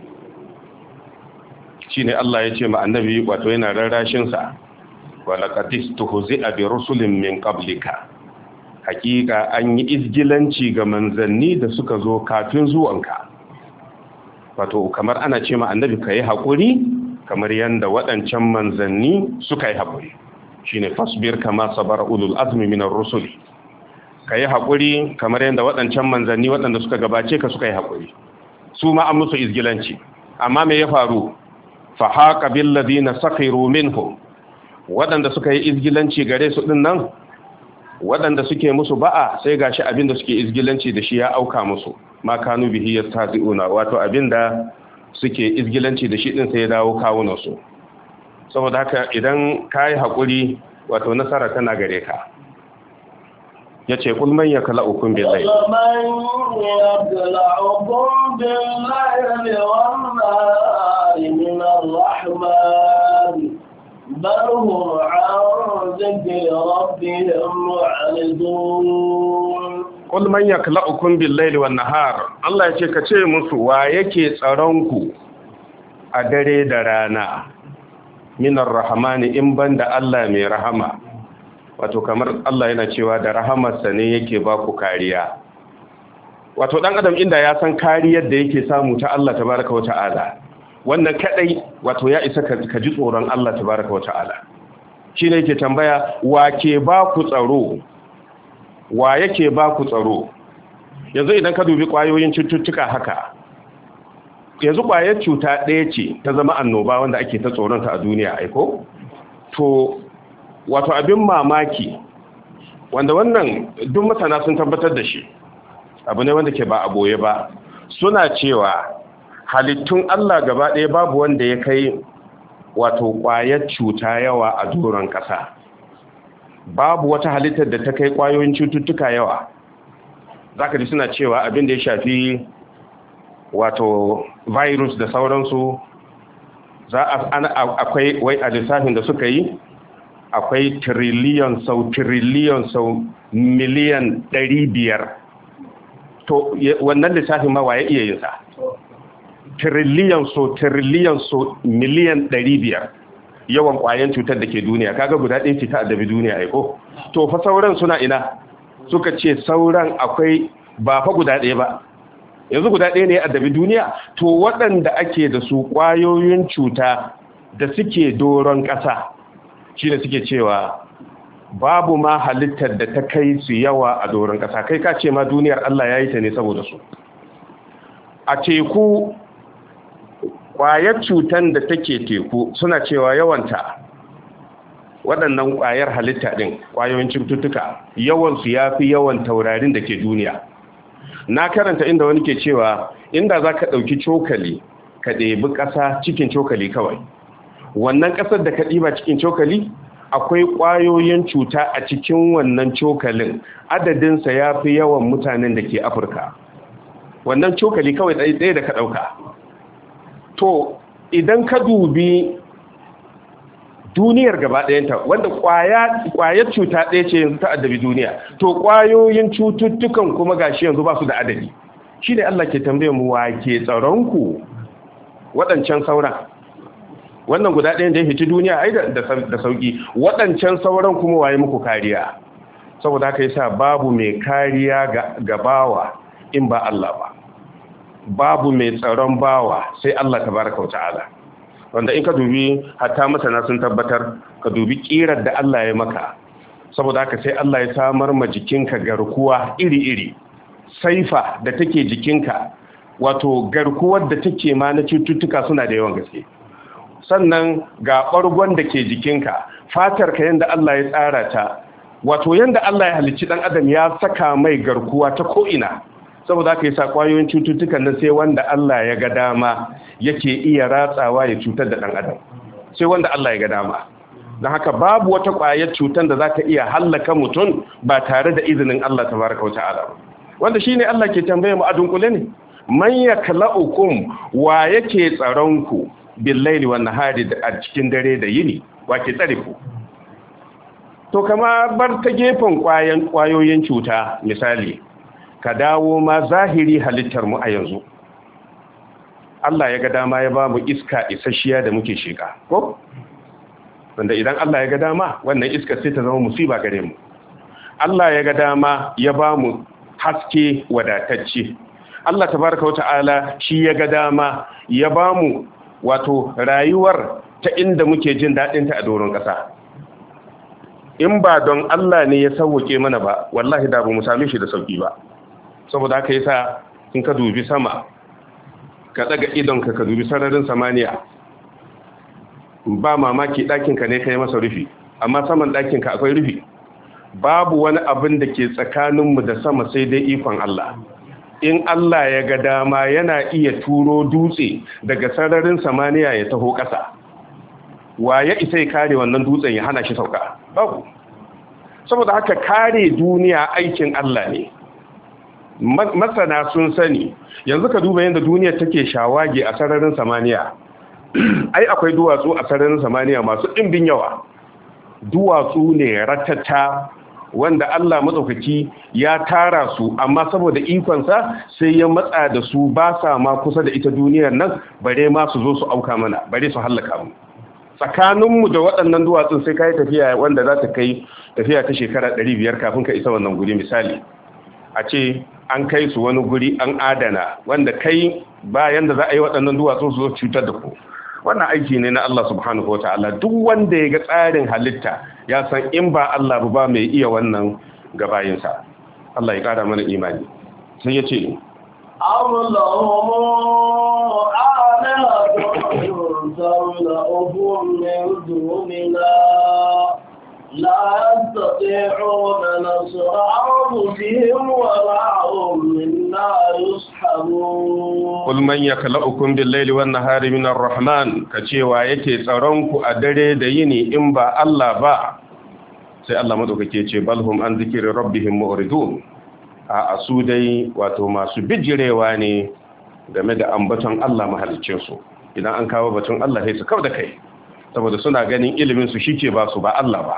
shine Allah ya ce ma annabi wato yana rarrashin sa wa laqad a bi rusulin min qablika hakika an yi izgilanci ga manzanni da suka zo kafin zuwanka wato kamar ana ce ma annabi ka yi haƙuri kamar yadda waɗancan manzanni suka yi haƙuri shine fasbir kama sabara ulul azmi minar rusul ka yi haƙuri kamar yadda waɗancan manzanni waɗanda suka gabace ka suka yi haƙuri su ma an musu izgilanci amma me ya faru fa haqa bil ladina sakhiru minhum waɗanda suka yi izgilanci gare su din nan waɗanda suke musu ba'a sai gashi abin da suke izgilanci da shi ya auka musu ma kanu bihi yastazi'una wato abinda suke izgilanci da shi din sai ya dawo kawunansu. saboda haka idan kai hakuri wato nasara tana gare ka ya ce kulman ya kala ukun bin lai kulman ya kala ukun bin lai wa nahar Allah ya ce ka ce musu wa yake tsaronku a dare da rana minar rahamani in banda Allah mai rahama wato kamar Allah yana cewa da rahamarsa ne yake ba ku kariya wato dan adam inda ya san kariyar da yake samu ta Allah tabaraka wa ta'ala wannan kadai wato ya isa ka ji tsoron Allah tabaraka wa ta'ala shi yake tambaya wa ke ba ku tsaro wa yake ba ku tsaro yanzu idan ka dubi kwayoyin cututtuka haka yanzu kwayar cuta ɗaya ce ta zama annoba wanda ake ta tsoronta a duniya aiko to wato abin mamaki wanda wannan duk mutana sun tabbatar da shi abu ne wanda ke ba a boye ba suna cewa halittun Allah gaba ɗaya babu wanda ya kai wato ƙwayar cuta yawa a doron ƙasa babu wata halittar da ta kai ƙwayoyin cututtuka yawa za ka ji suna cewa abin da ya shafi wato virus da sauransu za a akwai wai a lissafin da suka yi akwai tiriliyon sau tiriliyon sau miliyan ɗari biyar to wannan lissafin ma waye iya yin sa tiriliyon sau tiriliyon sau miliyan ɗari biyar yawan ƙwayan cutar da ke duniya kaga guda ɗaya ce ta addabi duniya aiko to fa sauran suna ina suka ce sauran akwai ba fa guda ɗaya ba yanzu guda ɗaya ne addabi duniya to waɗanda ake da su ƙwayoyin cuta da suke doron ƙasa ne suke cewa babu ma halittar da ta kai su yawa a doron ƙasa kai ka ce ma duniyar Allah ya yi ta ne saboda su a teku ƙwayar cutan da take teku suna cewa yawanta waɗannan ƙwayar halitta ɗin ƙwayoyin cututtuka yawansu ya fi yawan taurarin da ke duniya na karanta inda wani ke cewa inda za ka ɗauki cokali ka ɗebi ƙasa cikin cokali kawai wannan ƙasar da ka ɗiba cikin cokali akwai ƙwayoyin cuta a cikin wannan cokalin adadinsa ya fi yawan mutanen da ke afirka wannan cokali kawai ɗaya da ka ɗauka to idan ka dubi duniyar gaba ɗayanta wanda ƙwayar cuta ɗaya ce yanzu ta addabi duniya to ƙwayoyin cututtukan kuma shi yanzu ba su da adadi shi ne allah ke tambayar mu wa ke tsaronku waɗancan sauran wannan guda ɗayan da ya hiti duniya ai da sauki waɗancan sauran kuma waye muku kariya saboda haka sa babu mai kariya ga bawa in ba Allah ba babu mai tsaron bawa sai Allah tabaraka ta'ala wanda in ka dubi hatta masana sun tabbatar ka dubi ƙirar da Allah ya maka saboda haka sai Allah ya samar ma jikinka garkuwa iri-iri saifa da take jikinka wato garkuwar da take ma na cututtuka suna da yawan gaske sannan ga ɓargon da ke jikinka fatar ka yadda Allah ya tsara ta wato yadda Allah ya halicci ɗan adam ya saka mai garkuwa ta ko'ina saboda ka yi sa ƙwayoyin cututtuka na sai wanda Allah ya ga dama yake iya ratsawa ya cutar da ɗan adam sai wanda Allah ya ga dama don haka babu wata ƙwayar cutar da za ka iya hallaka mutum ba tare da izinin Allah ta baraka wata ala wanda shi ne Allah ke tambaye mu a dunkule ne man ya kala'ukum wa yake tsaronku billaili wa hari a cikin dare da yini wake tsarifu to kama bar ta gefen kwayoyin cuta misali ka dawo ma zahiri halittar mu a yanzu Allah ya ga dama ya ba mu iska isasshiya da muke shiga ko wanda idan Allah ya ga dama wannan iska sai ta zama musiba gare mu Allah ya ga dama ya ba mu haske wadatacce Allah tabaraka wa ta'ala shi ya ga dama ya ba mu wato rayuwar ta inda muke jin daɗinta a doron ƙasa in ba don Allah ne ya sauwake mana ba wallahi da ba mu same shi da sauki ba saboda haka yasa in ka dubi sama ka daga idon ka ka dubi sararin samaniya ba mamaki ɗakin ka ne kai masa rufi amma saman ɗakin ka akwai rufi babu wani abin da ke tsakaninmu da sama sai dai ikon Allah in Allah ya ga dama yana iya turo dutse daga sararin samaniya ya taho ƙasa wa ya isa ya kare wannan dutsen ya hana shi sauka babu saboda haka kare duniya aikin Allah ne masana sun sani yanzu ka duba yadda duniya take shawagi a sararin samaniya [CLEARS THROAT] ai akwai duwatsu a sararin samaniya masu ɗimbin yawa duwatsu ne ratata wanda Allah matsaukaki ya tara su amma saboda ikonsa sai ya matsa da su ba sa ma kusa da ita duniyar nan bare ma su zo su auka mana bare su hallaka mu tsakaninmu da waɗannan duwatsun sai ka yi tafiya wanda za ta kai tafiya ta shekara ɗari biyar kafin ka isa wannan guri misali a ce an kai su wani guri an adana wanda kai bayan da za a yi waɗannan duwatsun su zo cutar da ku wannan aiki ne na Allah subhanahu wa ta'ala duk wanda ya ga tsarin halitta ya san in ba Allah ba mai iya wannan ga bayinsa Allah ya kara mana imani sai ya ce لا kala نصر أنفسهم ولا هم منا يصحبون قل من يخلقكم بالليل والنهار من الرحمن a dare da أدري ديني إمبا الله با sai Allah ke ce balhum an zikiri rabbihim mu'ridun a su dai wato masu bijirewa ne game da ambaton Allah mahalicin su idan an kawo batun Allah sai su da kai saboda suna ganin ilimin su shike ba su ba Allah ba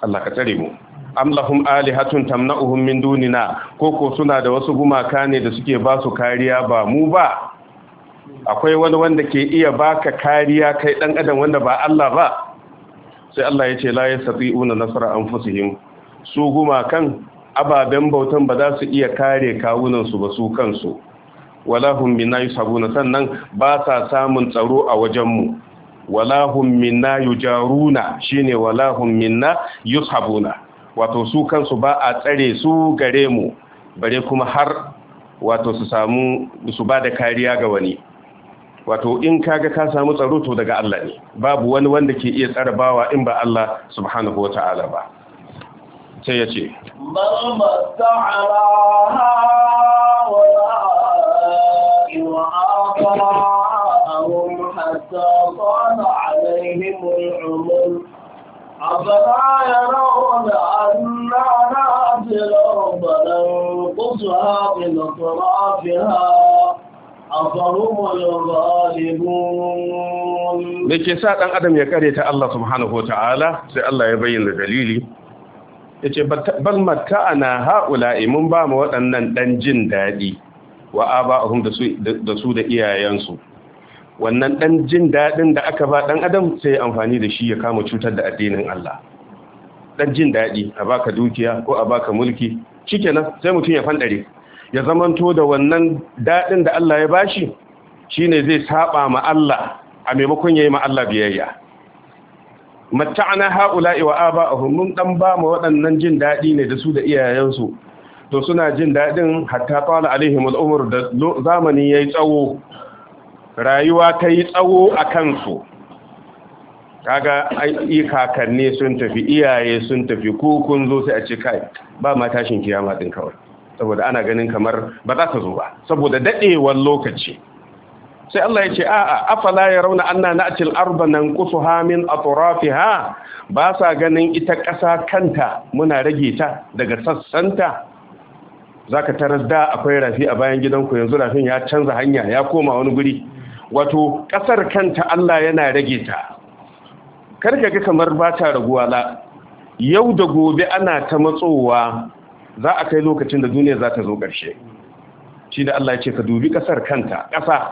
Allah ka tsare mu am lahum alihatun tamna'uhum min dunina koko suna da wasu gumaka ne da suke ba su kariya ba mu ba akwai wani wanda ke iya baka kariya kai dan adam wanda ba Allah ba sai Allah ya ce la yastati'una nasra anfusihim su gumakan ababen bautan ba za su iya kare kawunan su ba su kansu walahum bina yusabuna sannan ba sa samun tsaro a wajen mu. wala hum minna yujaruna shine wala hum minna yushabuna wato su kansu ba a tsare su gare mu bare kuma har wato su samu su ba da kariya ga wani wato in kaga ka samu tsaro to daga Allah ne babu wani wanda ke iya tsara bawa in ba Allah subhanahu wata'ala ba sai ya ce لهم حتى طال عليهم العمر أفلا يرون أنا نأتي الأرض ننقصها من أطرافها أفهم الغالبون sa ɗan أن أدم kare الله سبحانه وتعالى wa الله يبين Allah yace Bal matta ana ha'ula mun ba mu waɗannan ɗan jin daɗi wa aba da su da iyayensu, wannan ɗan jin daɗin da aka ba ɗan adam sai amfani da shi ya kama cutar da addinin Allah ɗan jin daɗi a baka dukiya ko a baka mulki nan sai mutum ya fanɗare ya zamanto da wannan daɗin da Allah ya bashi ne zai saba ma Allah a maimakon yi ma Allah biyayya matta'ana haula wa a hunnun ɗan ba ma waɗannan jin daɗi ne da su da iyayensu to suna jin daɗin hatta ƙwala alaihim umar da zamani ya yi tsawo rayuwa ta yi tsawo a kansu kaga ai kakanni sun tafi iyaye sun tafi ko kun zo sai a ce kai ba ma tashin kiyama din kawai saboda ana ganin kamar ba za ta zo ba saboda dadewar lokaci sai Allah ya ce a'a afala rauna anna na'til nan nanqusuha min atrafiha ba sa ganin ita ƙasa kanta muna rage ta daga sassanta zaka tarar da akwai rafi a bayan gidanku yanzu rafin ya canza hanya ya koma wani guri wato ƙasar kanta Allah yana rage ta karka ga kamar ba ta raguwa la yau da gobe ana ta matsowa za a kai lokacin da duniya za ta zo ƙarshe shi da Allah ya ce ka dubi ƙasar kanta ƙasa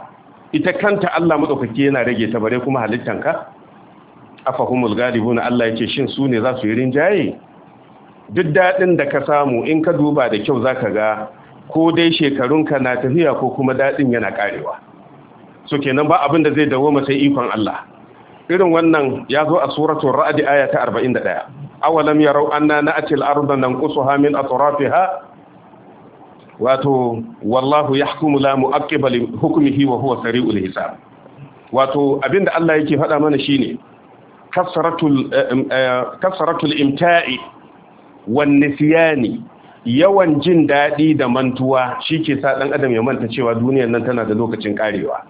ita kanta Allah maɗaukaki yana rage ta bare kuma halittanka afahumul galibuna Allah ya ce shin su ne za su yi rinjaye duk daɗin da ka samu in ka duba da kyau za ka ga ko dai shekarunka na tafiya ko kuma daɗin yana karewa. so kenan ba abin da zai dawoma sai ikon Allah irin wannan ya zo a suratu ra'adi aya ta 41 awalam yarau anna na'ti al-ardha nanqusuha min atrafiha wato wallahu yahkumu la mu'aqqiba li hukmihi wa huwa sari'ul hisab wato abinda Allah yake faɗa mana shine kasratul eh, eh, kasratul imta'i wan nisyani yawan jin daɗi da mantuwa shi ke sa ɗan adam ya manta cewa duniyar nan tana da lokacin ƙarewa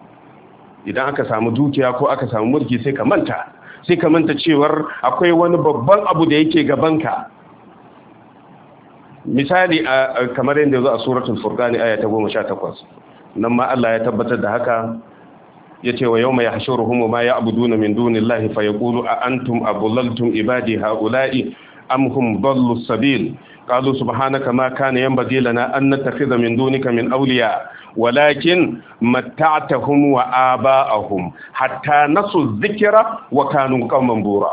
idan aka samu dukiya ko aka samu mulki sai ka manta sai ka manta cewar akwai wani babban abu da yake gabanka misali a kamar yadda zo a suratul furqani aya ta 18 nan ma Allah ya tabbatar da haka yace wa yawma yahshuruhum ma ya'buduna min dunillahi fayaqulu a antum abullaltum ibadi haula'i am hum dallu sabil qalu subhanaka ma kana yanbaghi lana an nattakhidha min dunika min awliya walakin متعتهم وآباءهم حتى hatta nasu وكانوا wa بورا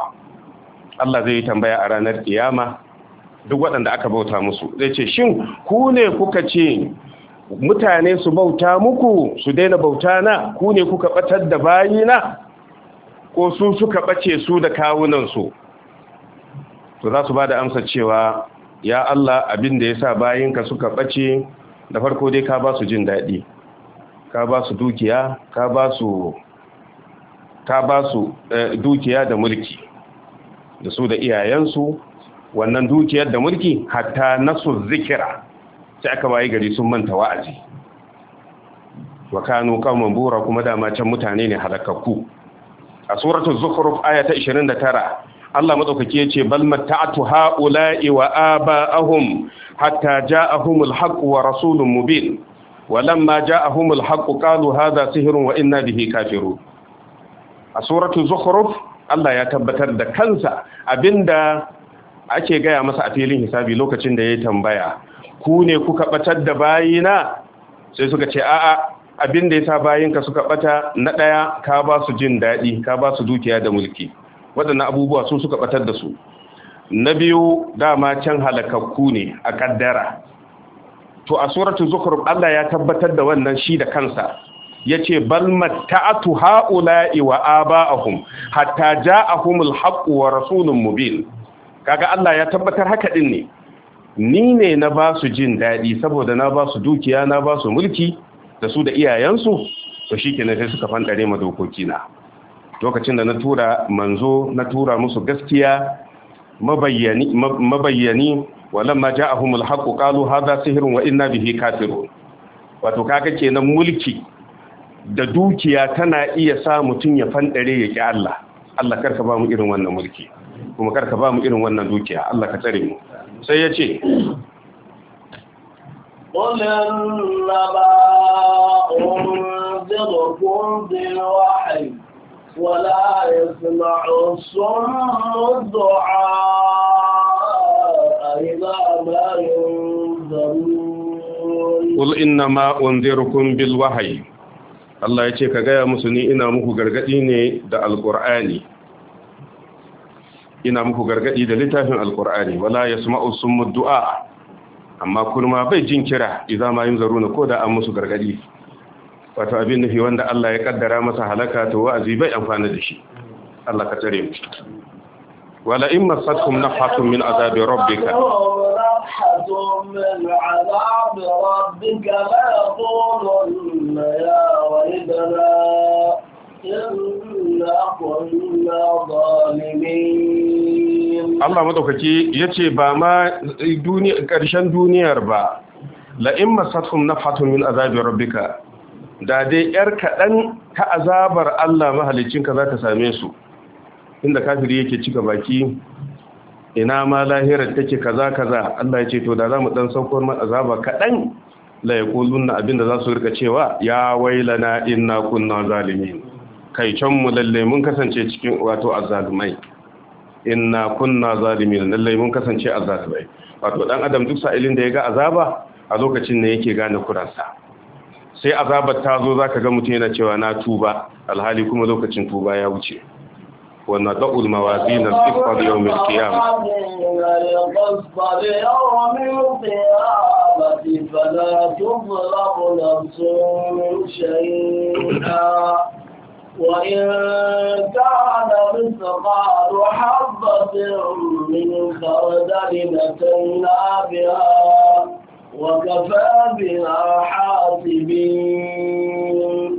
الله زي Allah zai tambaya a ranar duk waɗanda aka bauta musu zai ce shin ku ne kuka ce mutane su bauta muku su daina bauta na ku ne kuka ɓatar da bayi na? ko su suka ɓace su da kawunansu to za su ba da amsa cewa ya Allah abinda da ya sa bayinka suka ɓace? da farko dai ka ba su jin daɗi ka ba su dukiya ka ba su ta ba su eh, dukiya da mulki da su da iyayensu wannan dukiyar da mulki hatta nasu zikira sai aka bayi gari sun manta wa'azi wa kanu qauman bura kuma dama can mutane ne halakakku a suratul zukhruf ayata 29 Allah madaukake yace bal matta'tu ha'ula'i wa aba'ahum hatta ja'ahumul haqq wa rasulun mubin walamma a humul qalu hadha sihrun wa inna bihi kafirun a suratu zukhruf Allah ya tabbatar da kansa abinda ake gaya masa a filin hisabi lokacin da ya tambaya ku ne kuka batar da bayina sai suka ce a'a abinda ya sa bayinka suka bata na ɗaya ka ba su jin daɗi ka ba su dukiya da mulki waɗannan abubuwa su suka batar da su na biyu dama can halakakku ne a kaddara to a suratul zukhruf Allah ya tabbatar da wannan shi da kansa yace bal matta'atu ha'ula'i wa aba'ahum hatta ja'ahumul haqqu wa rasulun mubin kaga Allah ya tabbatar haka din ne ni ne na ba su jin daɗi saboda na ba su dukiya na ba su mulki da su da iyayensu to shi kenan sai suka fanɗare ma dokokina lokacin da na tura manzo na tura musu gaskiya mabayyani mabayyani walamma a al mulhaku kalu haza sihirin wa ina bihi kafirun wato kaga kenan mulki da dukiya tana iya sa mutum ya fandare ya ki Allah Allah karka ba mu irin wannan mulki kuma karka ba mu irin wannan dukiya Allah ka tsare mu sai ya ce قل ولا يسمع الصم الدعاء إذا ما ينذرون قل إنما أنذركم بالوحي Allah ya ce ka gaya musu ni ina muku gargadi ne da alƙur'ani ina muku gargadi da littafin alƙur'ani wala yasma'u summu mudu'a. amma kurma bai jin kira idan ma yin zaruna ko da an musu gargadi wato abin nufi wanda Allah ya kaddara masa halaka to wa'azi bai amfana da shi Allah ka tare mu wala in masatkum nafhatun min azabi rabbika من عذاب ربك لا يقولن Allah madaukaki ya ce ba ma ƙarshen duniyar ba la'in masatun na fatumin azabin rabbika da dai ‘yar kaɗan ta azabar Allah mahalicinka za ka same su inda kafiri yake cika baki ina ma lahirar take kaza kaza Allah ya ce to da za mu ɗan saukar man azaba kaɗan la abinda za su rika cewa ya wailana inna kunna zalimin kai can mu lalle mun kasance cikin wato azzalumai inna kunna zalimin lalle mun kasance azzalumai wato dan adam duk sa'ilin da ya ga azaba a lokacin ne yake gane kuransa sai azabar ta zo zaka ga mutum yana cewa na tuba alhali kuma lokacin tuba ya wuce wannan da'ul mawazi na sifar yau mai kiyama وَإِنْ كَانَ مِنْ سَقَارُ حَبَّةٍ مِنْ خَرْدَلِ نَتَيْنَا بِهَا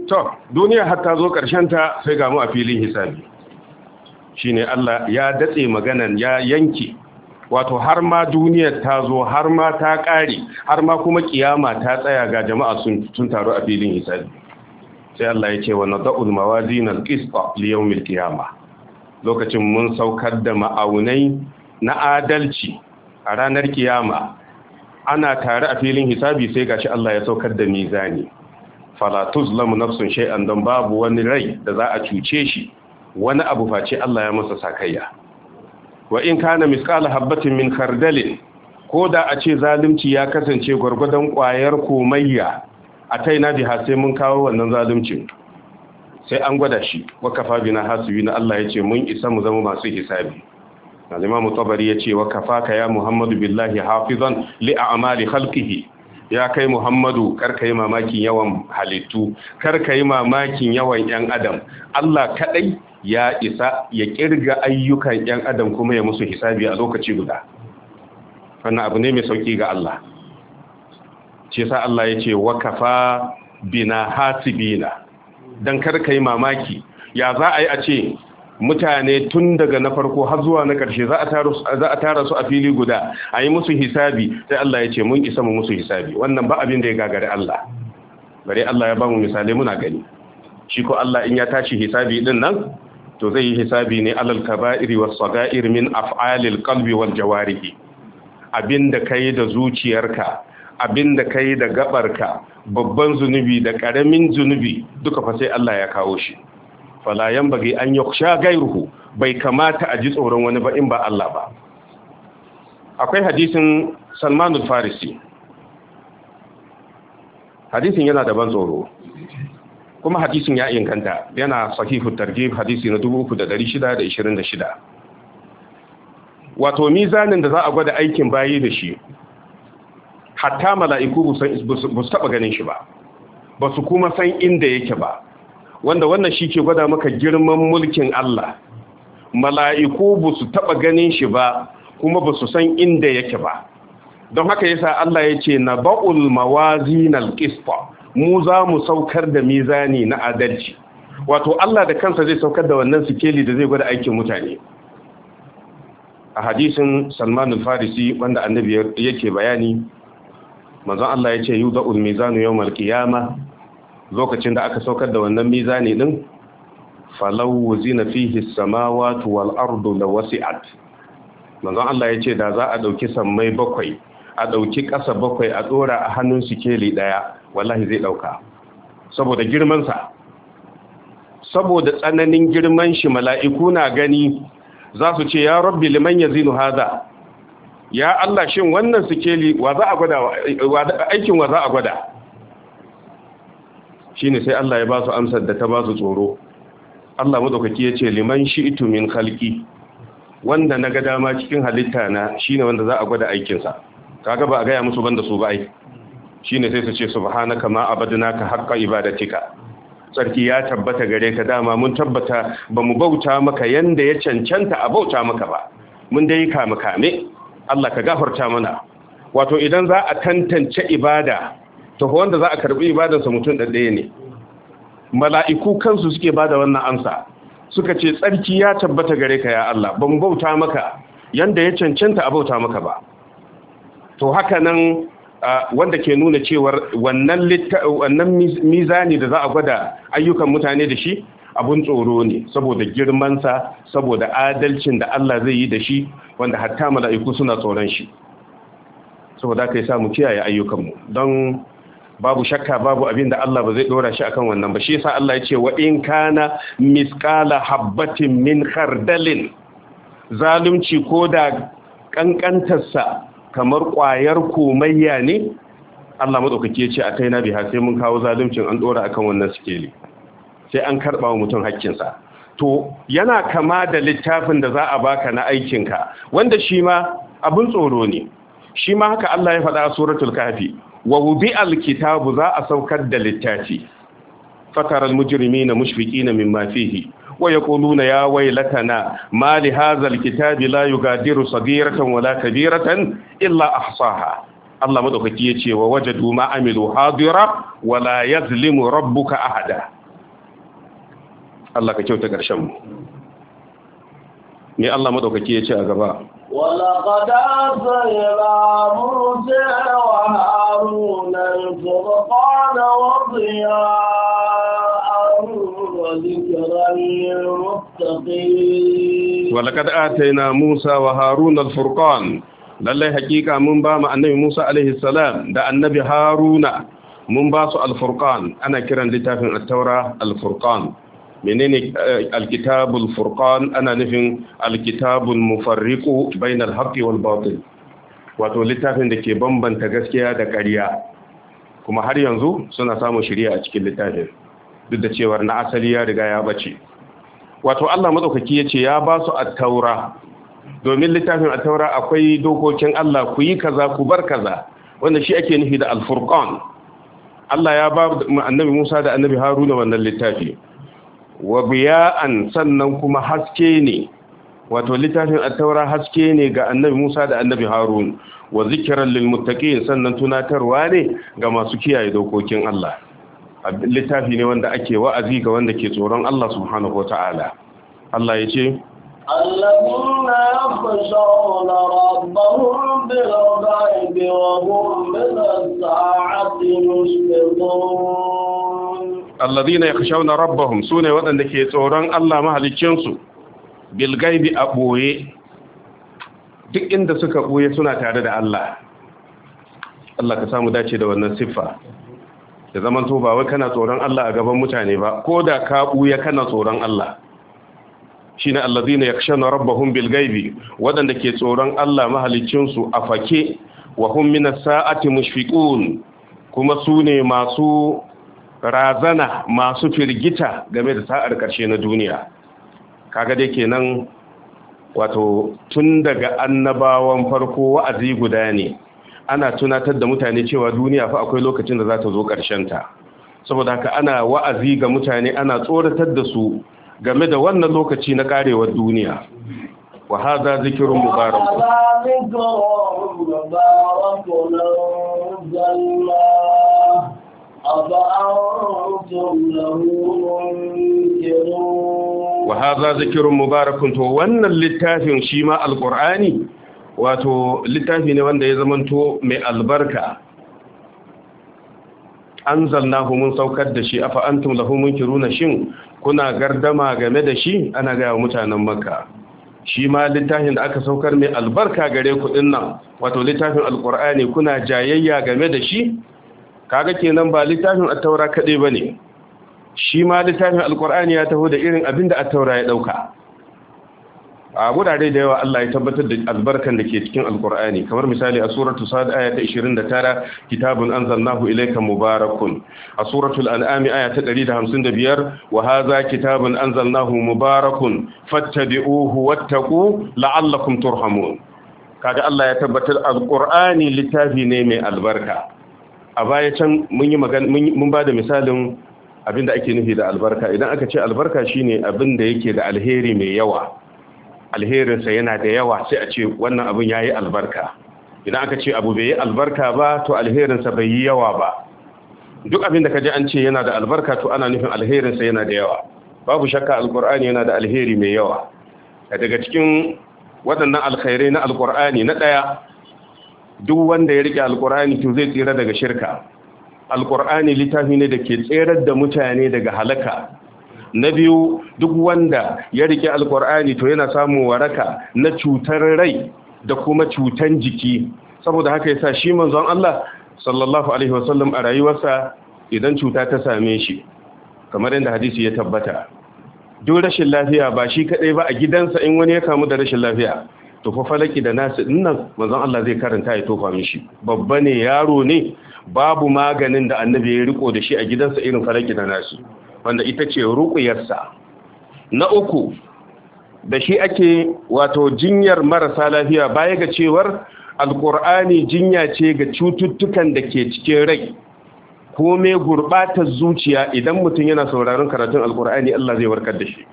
to duniya har ta zo karshen ta sai ga mu a filin hisabi shine Allah ya datse maganan ya yanki. wato har ma duniyar ta zo har ma ta kare har ma kuma ƙiyama ta tsaya ga jama'a sun taru a filin hisabi sai Allah ya ce wa nad'ul mawazin al-qist li yawm al lokacin mun saukar da ma'aunai na adalci a ranar ƙiyama. ana tare a filin hisabi sai gashi Allah ya saukar da mizani fala tuzlamu nafsun shay'an dan babu wani rai da za a cuce shi wani abu face Allah ya masa sakayya wa in kana misqala habatin min khardalin ko da a ce zalunci ya kasance gwargwadon kwayar komayya a kai na biha sai mun kawo wannan zaluncin sai an gwada shi wa kafa bina na Allah ya ce mun isa mu zama masu hisabi al’imam mutabari ya yace wa kafaka ya muhammadu billahi hafizan li a'mali khalqihi ya kai muhammadu karka yi mamakin yawan halittu karka yi mamakin yawan yan adam Allah kaɗai ya isa ya kirga ayyukan yan adam kuma ya musu hisabi a lokaci guda wannan abu ne mai sauki ga Allah Cesa sa Allah ce wa kafa bina hasibina dan karka yi mamaki ya za a yi a ce mutane tun daga na farko har zuwa na ƙarshe za a tara su a fili guda a yi musu hisabi sai Allah ya ce mun isa mu musu hisabi wannan ba abin da ya gagari Allah bare Allah ya ba mu misali muna gani shi ko Allah in ya tashi hisabi din nan to zai yi hisabi ne alal kaba'iri was sagair min af'alil qalbi wal jawarihi abinda kai da zuciyarka abinda kai da gabarka babban zunubi da karamin zunubi duka fa sai Allah ya kawo shi fala bage an sha gairuhu. bai kamata a ji tsoron wani ba in ba Allah ba akwai hadisin Salman farisi hadisin yana da ban tsoro kuma hadisin ya inganta yana sahihu tarjib hadisi na 3626 wato mizanin da za a gwada aikin bayi da shi hatta mala'iku ba su taba ganin shi ba ba su kuma san inda yake ba wanda wannan shi ke gwada maka girman mulkin Allah mala'iku ba su taɓa ganin shi ba kuma ba su san inda yake ba don haka yasa Allah ya ce na ba'ul mawazi na mu za mu saukar da mizani na adalci wato Allah da kansa zai saukar da wannan sikeli da zai gwada aikin mutane a hadisin salman al-farisi wanda annabi yake bayani manzon Allah ya ce yuda'ul mizanu yawmal qiyamah lokacin da aka saukar da wannan mizani din falau wuzina fihi samawati wal ardu lawasi'at manzo Allah ya ce da za a dauki sammai bakwai a dauki ƙasa bakwai a dora a hannun keli daya wallahi zai dauka saboda girman sa saboda tsananin girman shi mala'iku na gani za su ce ya rabbi liman yazinu hada ya Allah shin wannan sikeli wa za a gwada aikin wa za a gwada shine sai Allah ya ba su amsar da ta ba su tsoro Allah madaukaki ya ce liman shi'tu min khalqi wanda ga dama cikin halitta na shine wanda za a gwada aikinsa. sa kaga ba a gaya musu banda su ba ai shine sai su ce subhanaka ma abadnaka haqqa ibadatika sarki ya tabbata gare ka dama mun tabbata ba mu bauta maka yanda ya cancanta a bauta maka ba mun dai kame kame Allah ka gafarta mana wato idan za a tantance ibada to wanda za a karbi ibadarsa mutum ɗaya ne mala'iku kansu suke bada wannan amsa suka ce tsarki ya tabbata gare ka ya Allah ban bauta maka yanda ya cancanta a bauta maka ba to haka nan wanda ke nuna cewar wannan mizani da za a gwada ayyukan mutane da shi abun tsoro ne saboda girmansa saboda adalcin da Allah zai yi da shi wanda hatta mala'iku suna tsoron shi saboda ka yi samu kiyaye ayyukanmu don babu shakka babu abin da Allah ba zai dora shi akan wannan ba shi yasa Allah ya ce wa in kana misqala habbatin min khardalin zalunci ko da kankantarsa kamar kwayar komayya ne Allah madaukake ya ce a kaina biha sai mun kawo zaluncin an dora akan wannan sikeli sai an karba wa mutum sa to yana kama da littafin da za a baka na aikinka wanda shi ma abin tsoro ne shi ma haka Allah ya faɗa suratul kafi wa wubi alkitabu za a saukar da littafi fataral mujrimina mushfiqina mimma fihi wa yaquluna ya waylatana ma li hadha alkitabi la yugadiru saghiratan wala kabiratan illa ahsaha Allah madaukaki ce wa wajadu ma amilu hadira wala yazlimu rabbuka ahada Allah ka kyauta ƙarshen mu me Allah madaukaki ce a gaba wala qad asayra musa wa يعلمون الفرقان وضياء وذكرا للمتقين ولقد آتينا موسى وهارون الفرقان lallai hakika mun ba mu annabi Musa alaihi salam da annabi Haruna mun ba su al-Furqan ana kiran littafin at-Taura al-Furqan menene al-kitabul Furqan ana nufin al-kitabul mufarriqu bainal haqqi wal batil wato littafin da ke bambanta gaskiya da ƙarya kuma har yanzu suna samun shirya a cikin littafin duk da cewar na asali ya riga ya bace wato Allah madaukaki ya ce ya ba su at-taura domin littafin at-taura akwai dokokin Allah ku yi kaza ku bar kaza wanda shi ake nufi da alfurkan. furqan Allah ya ba annabi Musa da annabi Haruna wannan littafi wa biya'an sannan kuma haske ne wato littafin attaura haske ne ga annabi Musa da annabi Harun wa zikiran lil muttaqin sannan tunatarwa ne ga masu kiyaye dokokin Allah littafi ne wanda ake wa'azi ga wanda ke tsoron Allah subhanahu wataala Allah yace الذين يخشون ربهم بالغيب وهم من الساعة مشفقون الذين يخشون ربهم سوني وطن ke tsoron Allah مهلكينسو bilgaibi a ɓoye duk inda suka ɓoye suna tare da Allah Allah ka samu dace da wannan siffa da zaman to ba wai kana tsoron Allah a gaban mutane ba ko da ka ɓuya kana tsoron Allah Shi shine allazina yakshana rabbahum bil bilgaibi waɗanda ke tsoron Allah mahalicinsu a fake wa hun mina sa'ati mushfiqun kuma su ne masu razana masu firgita game da sa'ar ƙarshe na duniya kaga dai kenan wato tun daga annabawan farko wa'azi guda ne ana tunatar da mutane cewa duniya fa akwai lokacin da za ta zo ta. saboda haka ana wa'azi ga mutane ana tsoratar da su game da wannan lokaci na karewar duniya wa hadha zikrun mubarak أفأنتم له منكرون wa haza zikirun mubarakun to wannan littafin shi ma alqur'ani wato littafi ne wanda ya zamanto mai albarka anzalnahu mun saukar da shi afa antum lahu munkiruna shin kuna gardama game da shi ana ga mutanen makka shi ma littafin da aka saukar mai albarka gare ku dinnan wato littafin alqur'ani kuna jayayya game da shi kaga kenan ba littafin at-taura kade bane shi ma littafin alkur'ani ya taho da irin abin da attaura ya dauka a gurare da yawa Allah ya tabbatar da albarkan da ke cikin alkur'ani kamar misali a suratu sad aya ta 29 kitabun anzalnahu ilayka mubarakun a suratul an'am aya ta 155 wa hadha kitabun anzalnahu mubarakun fattabi'uhu wattaqu la'allakum turhamun kaga Allah ya tabbatar alkur'ani littafi ne mai albarka a baya can mun yi magana, mun ba misalin Abin da ake nufi da albarka idan aka ce albarka shine abin da yake da alheri mai yawa alherinsa yana da yawa sai a ce wannan abin yayi albarka idan aka ce abu bai yi albarka ba to alherinsa bai yi yawa ba duk abin da kaje an ce yana da albarka to ana nufin alherinsa yana da yawa babu shakka alqur'ani yana da alheri mai yawa daga cikin waɗannan alkhairai na alqur'ani na ɗaya duk wanda ya rike alqur'ani to zai tsira daga shirka alkur'ani littafi ne da ke tserar da mutane daga halaka na biyu duk wanda ya rike alkur'ani to yana samun waraka na cutar rai da kuma cutar jiki saboda haka ya sa shi manzon Allah sallallahu alaihi wasallam a rayuwarsa idan cuta ta same shi kamar yadda hadisi ya tabbata duk rashin lafiya ba shi kadai ba a gidansa in wani ya kamu da rashin lafiya to fa falaki da nasu dinnan manzon Allah zai karanta ya tofa mishi babba ne yaro ne babu maganin da annabi ya riko da shi a gidansa irin faraki da nashi wanda ita ce ruƙuyarsa na uku da shi ake wato jinyar marasa lafiya baya ga cewar alƙur'ani jinya ce ga cututtukan da ke cikin rai kome gurɓatar zuciya idan mutum yana sauraron karatun alƙur'ani Allah zai warkar da shi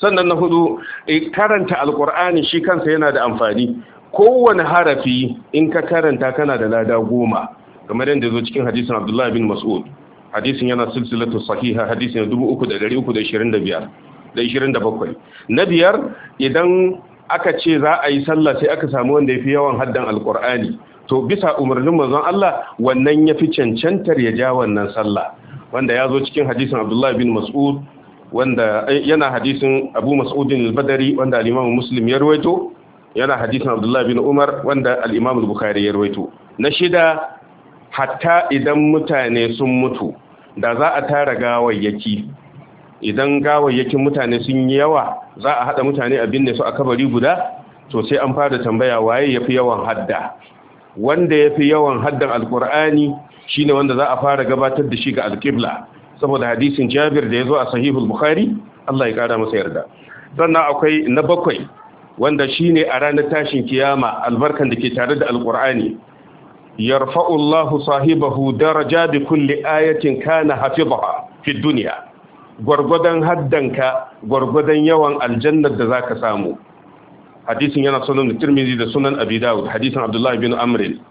sannan na hudu e, karanta alƙur'ani shi kansa yana da amfani kowane harafi in ka karanta kana da lada goma kamar yadda zo cikin hadisin Abdullahi bin Mas'ud hadisin yana silsilatu sahiha hadisin 3325 da 27 na biyar idan aka ce za a yi sallah sai aka samu wanda ya fi yawan haddan alqur'ani to bisa umarnin manzon Allah wannan ya fi cancantar ya ja wannan sallah wanda ya zo cikin hadisin Abdullahi bin Mas'ud wanda eh, yana hadisin Abu Mas'udin al-Badri wanda al-Imam Muslim ya rawaito yana hadisin Abdullahi bin Umar wanda al-Imam bukhari ya rawaito na shida hatta idan mutane sun mutu da za a tara gawayyaki idan gawayyakin mutane sun yi yawa za a haɗa mutane a binne su a kabari guda to sai an fara tambaya waye ya fi yawan hadda wanda ya fi yawan haddan alkur'ani shine wanda za a fara gabatar da shi ga alkibla saboda hadisin jabir da ya zo a sahihul bukhari allah ya kara masa yarda sannan akwai na bakwai wanda shine a ranar tashin kiyama albarkan da ke tare da alkur'ani yarfa'u Allahu sahibahu daraja bi kulli ayatin kana hafizaha fi dunya gwargwadon haddanka gwargwadon yawan aljannar da zaka samu hadisin yana sunan Tirmidhi da sunan Abi Dawud hadisin Abdullah bin Amr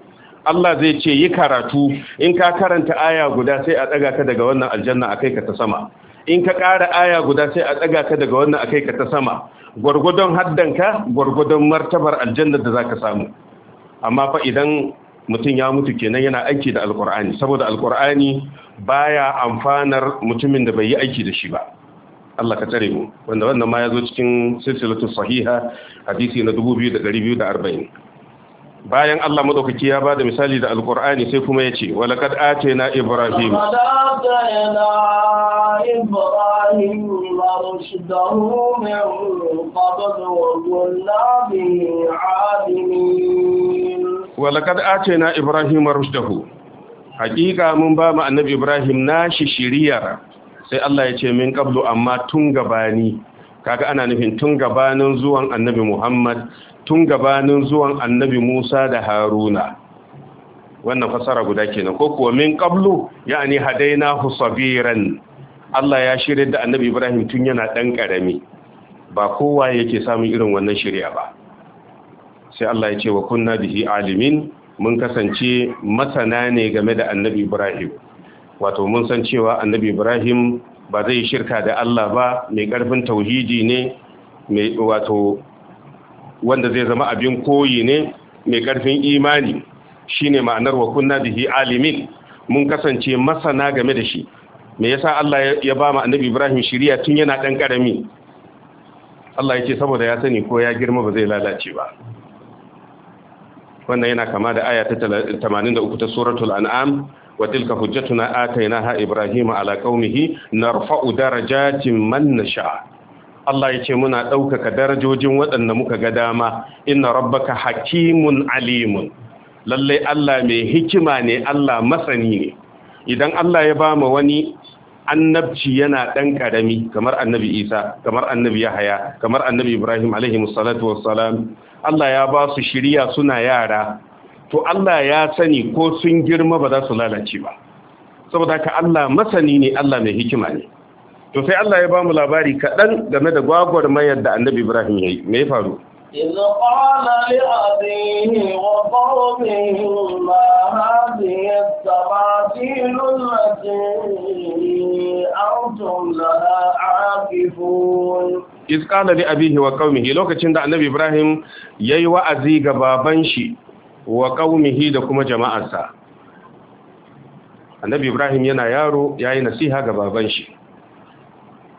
Allah zai ce yi karatu in ka karanta aya guda sai a tsaga ka daga wannan aljanna akai ka ta sama in ka ƙara aya guda sai a tsaga ka daga wannan akai ka ta sama gwargwadon haddanka gwargwadon martabar aljannar da zaka samu amma fa idan mutum ya mutu kenan yana aiki da alkur'ani saboda alkur'ani baya amfanar mutumin da bai yi aiki da shi ba Allah ka tare mu wanda wannan ma ya zo cikin silsilatu sahiha hadisi na 2240 bayan Allah madaukaki ya bada misali da alkur'ani sai kuma ya ce wa laqad atayna ibrahim min walakad ace na ibrahim rushdahu hakika mun ba mu annabi ibrahim na shi shiriyar sai Allah ya ce min qablu amma tun gabani kaga ana nufin tun gabanin zuwan annabi muhammad tun gabanin zuwan annabi musa da haruna wannan fasara guda kenan ko kuwa min qablu yani hu sabiran Allah ya shirya da annabi ibrahim tun yana dan karami ba kowa yake samun irin wannan shiriya ba sai Allah ya ce wa kunna bihi alimin mun kasance masana ne game da annabi Ibrahim wato mun san cewa annabi Ibrahim ba zai shirka da Allah ba mai karfin tauhidi ne mai wato wanda zai zama abin koyi ne mai karfin imani shine ma'anar wa kunna bihi alimin mun kasance masana game da shi me yasa Allah ya ba mu annabi Ibrahim shiriya tun yana dan karami Allah ya ce saboda ya sani ko ya girma ba zai lalace ba wannan yana kama da aya ta 83 ta suratul an'am wa tilka hujjatuna atainaha ibrahima ala qaumihi narfa'u darajatin man nasha Allah ya ce muna ɗaukaka darajojin waɗanda muka ga dama inna rabbaka hakimun alimun lallai Allah mai hikima ne Allah masani ne idan Allah ya ba wani annabci yana ɗan ƙarami kamar annabi isa kamar annabi yahaya kamar annabi ibrahim alaihi musallatu wassalam allah ya ba su shirya suna yara to allah ya sani ko sun girma ba za su lalace ba saboda ka allah masani ne allah mai hikima ne to sai allah ya ba mu labari kaɗan game da gwagwarmayar da annabi ibrahim ya yi me ya faru Isfana biya ni a da wa ƙaunuki, lokacin da Annabi Ibrahim ya yi wa'azi ga baban shi wa ƙaunuki da kuma jama'arsa Annabi Ibrahim yana yaro ya yi nasiha ga baban shi.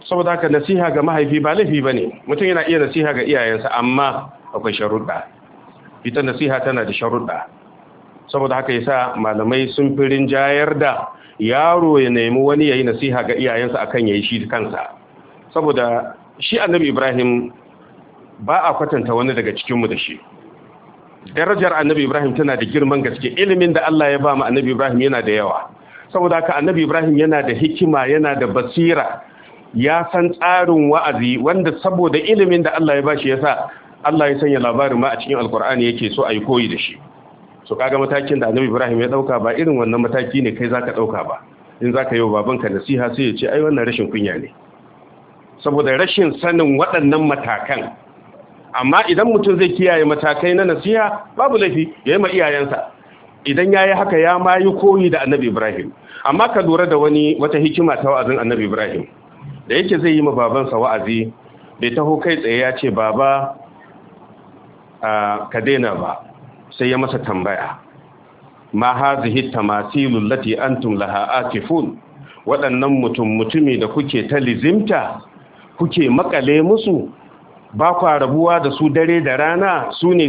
saboda haka nasiha ga mahaifi ba laifi ba ne. mutum yana iya nasiha ga iyayensa amma akwai sharuɗa ita nasiha tana da sharuɗa saboda haka yasa malamai sun firin jayar da yaro ya nemi wani ya yi nasiha ga iyayensa akan ya yi shi kansa saboda shi annabi Ibrahim ba a kwatanta wani daga cikinmu da shi darajar annabi Ibrahim tana da girman gaske ilimin da Allah ya ba ma annabi Ibrahim yana da yawa saboda haka annabi Ibrahim yana da hikima yana da basira ya san tsarin wa'azi wanda saboda ilimin da Allah ya ba shi ya sa Allah ya sanya labarin ma a cikin alkur'ani yake so a yi koyi da shi so ga matakin da annabi ibrahim ya ɗauka? ba irin wannan mataki ne kai za ka ɗauka ba in za ka yi wa babanka nasiha sai ya ce ai wannan rashin kunya ne saboda rashin sanin waɗannan matakan amma idan mutum zai kiyaye matakai na nasiha babu laifi ya yi ma iyayensa idan ya yi haka ya ma yi koyi da annabi ibrahim amma ka lura da wani wata hikima ta wa'azin annabi ibrahim da yake zai yi ma babansa wa'azi bai taho kai tsaye ya ce baba ka daina ba sai ya masa tambaya ma hazihi tamasilu lati antum laha atifun waɗannan mutum mutumi da kuke ta lizimta kuke makale musu ba kwa rabuwa da su dare da rana su ne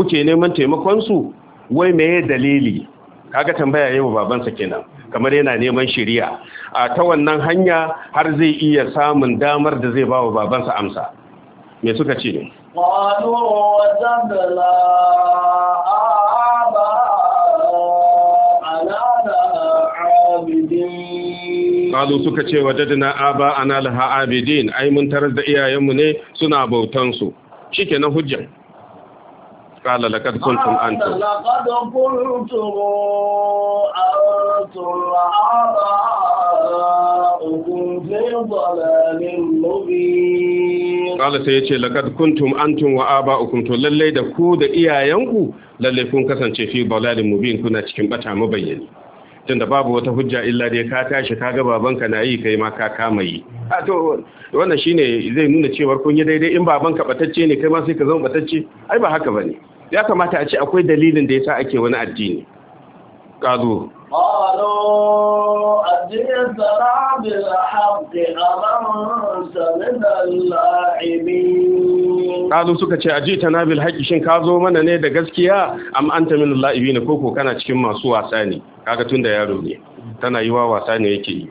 kuke neman taimakonsu wai me dalili kaga tambaya wa babansa kenan kamar yana neman shiriya a ta wannan hanya har zai iya samun damar da zai bawa babansa amsa me suka ce ne Kalu suka ce wajadina aba ana laha abidin ai mun tarar da iyayenmu ne suna bautansu shi ke na hujjan قال لقد قلتم أنتم لقد قلتم ce lakad في ضلال مبين قال سيتي لقد كنتم أنتم وآباؤكم تللي دكو دا إيايانكو للي كون كسان في ضلال مبين كنا تكن بتا مبين tunda babu wata hujja illa dai ka tashi ka ga babanka na yi kai ma ka kama yi a to wannan shine zai nuna cewar kun yi daidai in babanka batacce ne kai ma sai ka zama batacce ai ba haka bane ya kamata a ce akwai dalilin da ya sa ake wani addini قالوا قالوا suka ce ta bil haqqi shin ka zo mana ne da gaskiya Amma an anta min al ne koko kana cikin masu wasa ne kaga da yaro ne tana yiwa wasa ne yake yi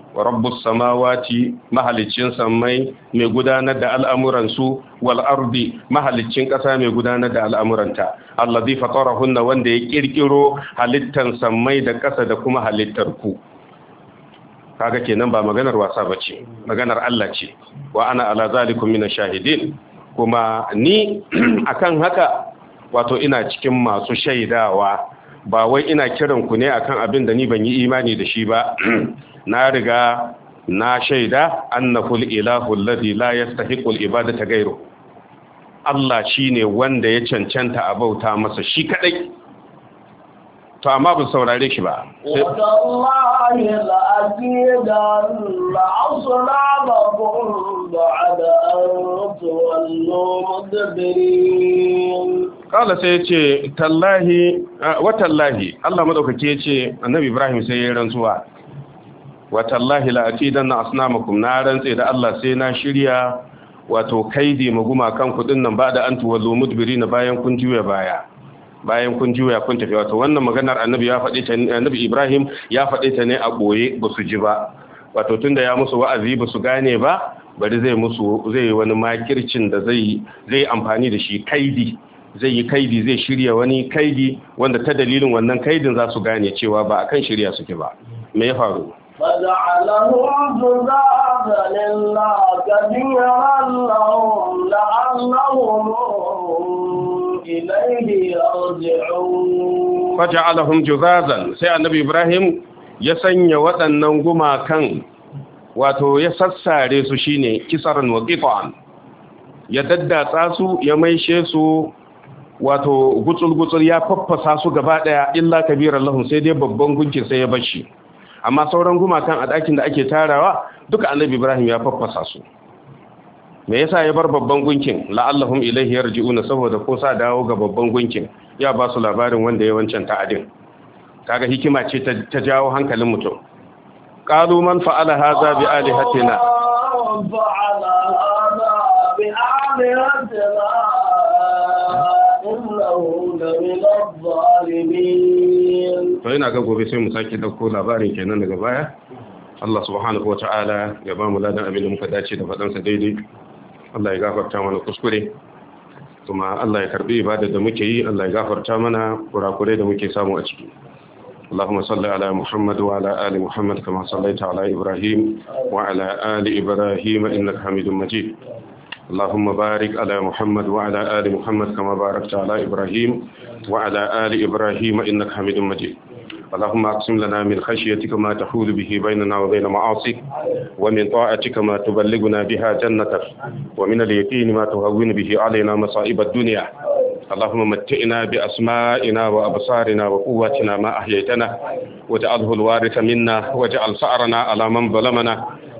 wa rabbus samawati mahaliccin sammai mai gudanar da su wal ardi mahaliccin ƙasa mai gudanar da al'amuranta allazi fatarahunna wanda ya kirkiro halittar samai da ƙasa da kuma halittar ku kaga kenan ba maganar wasa bace maganar Allah ce wa ana ala zalikum min shahidin kuma ni [CLEARS THROAT] akan haka wato ina cikin masu shaidawa ba wai ina kiran ku ne akan abin da ni ban yi imani da shi ba [CLEARS THROAT] na riga na shaida annahul ilahu alladhi la yastahiqu al-ibadata ghayru Allah shine wanda ya cancanta a bauta masa shi kadai to amma ba saurare shi ba Allah la'aqidan la'asrabakum ba'da kala sai yace tallahi wa tallahi Allah madaukake yace annabi Ibrahim sai ya rantsuwa watallahi la'atidanna asnamakum na makum na rantse da Allah sai na shirya wato kaidi maguma kan kudin nan ba da an biri na bayan kun juya baya bayan kun juya kun tafi wato wannan maganar annabi ya faɗi ta annabi Ibrahim ya faɗi ta ne a boye ba su ji ba wato tunda ya musu wa'azi ba su gane ba bari zai musu zai wani makircin da zai zai amfani da shi kaidi zai yi kaidi zai shirya wani kaidi wanda ta dalilin wannan kaidin za su gane cewa ba a kan shirya suke ba me ya faru Fajà Allahun Jozazan sai a Nabi Ibrahim ya sanya waɗannan gumakan, kan ya sassare su shine ne kisar ya daddatsa su ya maishe su wato gutsul-gutsul ya faffasa su gaba ɗaya in la lahun sai dai babban gunki sai ya bashi. amma sauran gumakan a ɗakin da ake tarawa duka annabi ibrahim ya faffasa su me yasa ya bar babban gunkin la'allahum ilaihi yarji'una saboda ko sa dawo ga babban gunkin ya ba su labarin wanda ya wancan ta'adin kaga hikima ce ta jawo hankalin mutum qalu man fa'ala hadha bi alihatina to yana ga gobe sai mu sake dauko labarin kenan daga baya Allah subhanahu wa ta'ala ya ba mu ladan abin da muka dace da faɗansa daidai Allah ya gafarta mana kuskure kuma Allah ya karbi ibada da muke yi Allah ya gafarta mana kurakurai da muke samu a ciki اللهم صل على محمد وعلى آل محمد كما صليت على إبراهيم وعلى آل إبراهيم إنك حميد مجيد اللهم بارك على محمد وعلى آل محمد كما باركت على إبراهيم وعلى آل إبراهيم إنك حميد مجيد اللهم اقسم لنا من خشيتك ما تحول به بيننا وبين معاصيك ومن طاعتك ما تبلغنا بها جنتك ومن اليقين ما تهون به علينا مصائب الدنيا اللهم متئنا بأسمائنا وأبصارنا وقواتنا ما أحييتنا واجعله الوارث منا واجعل ثأرنا على من ظلمنا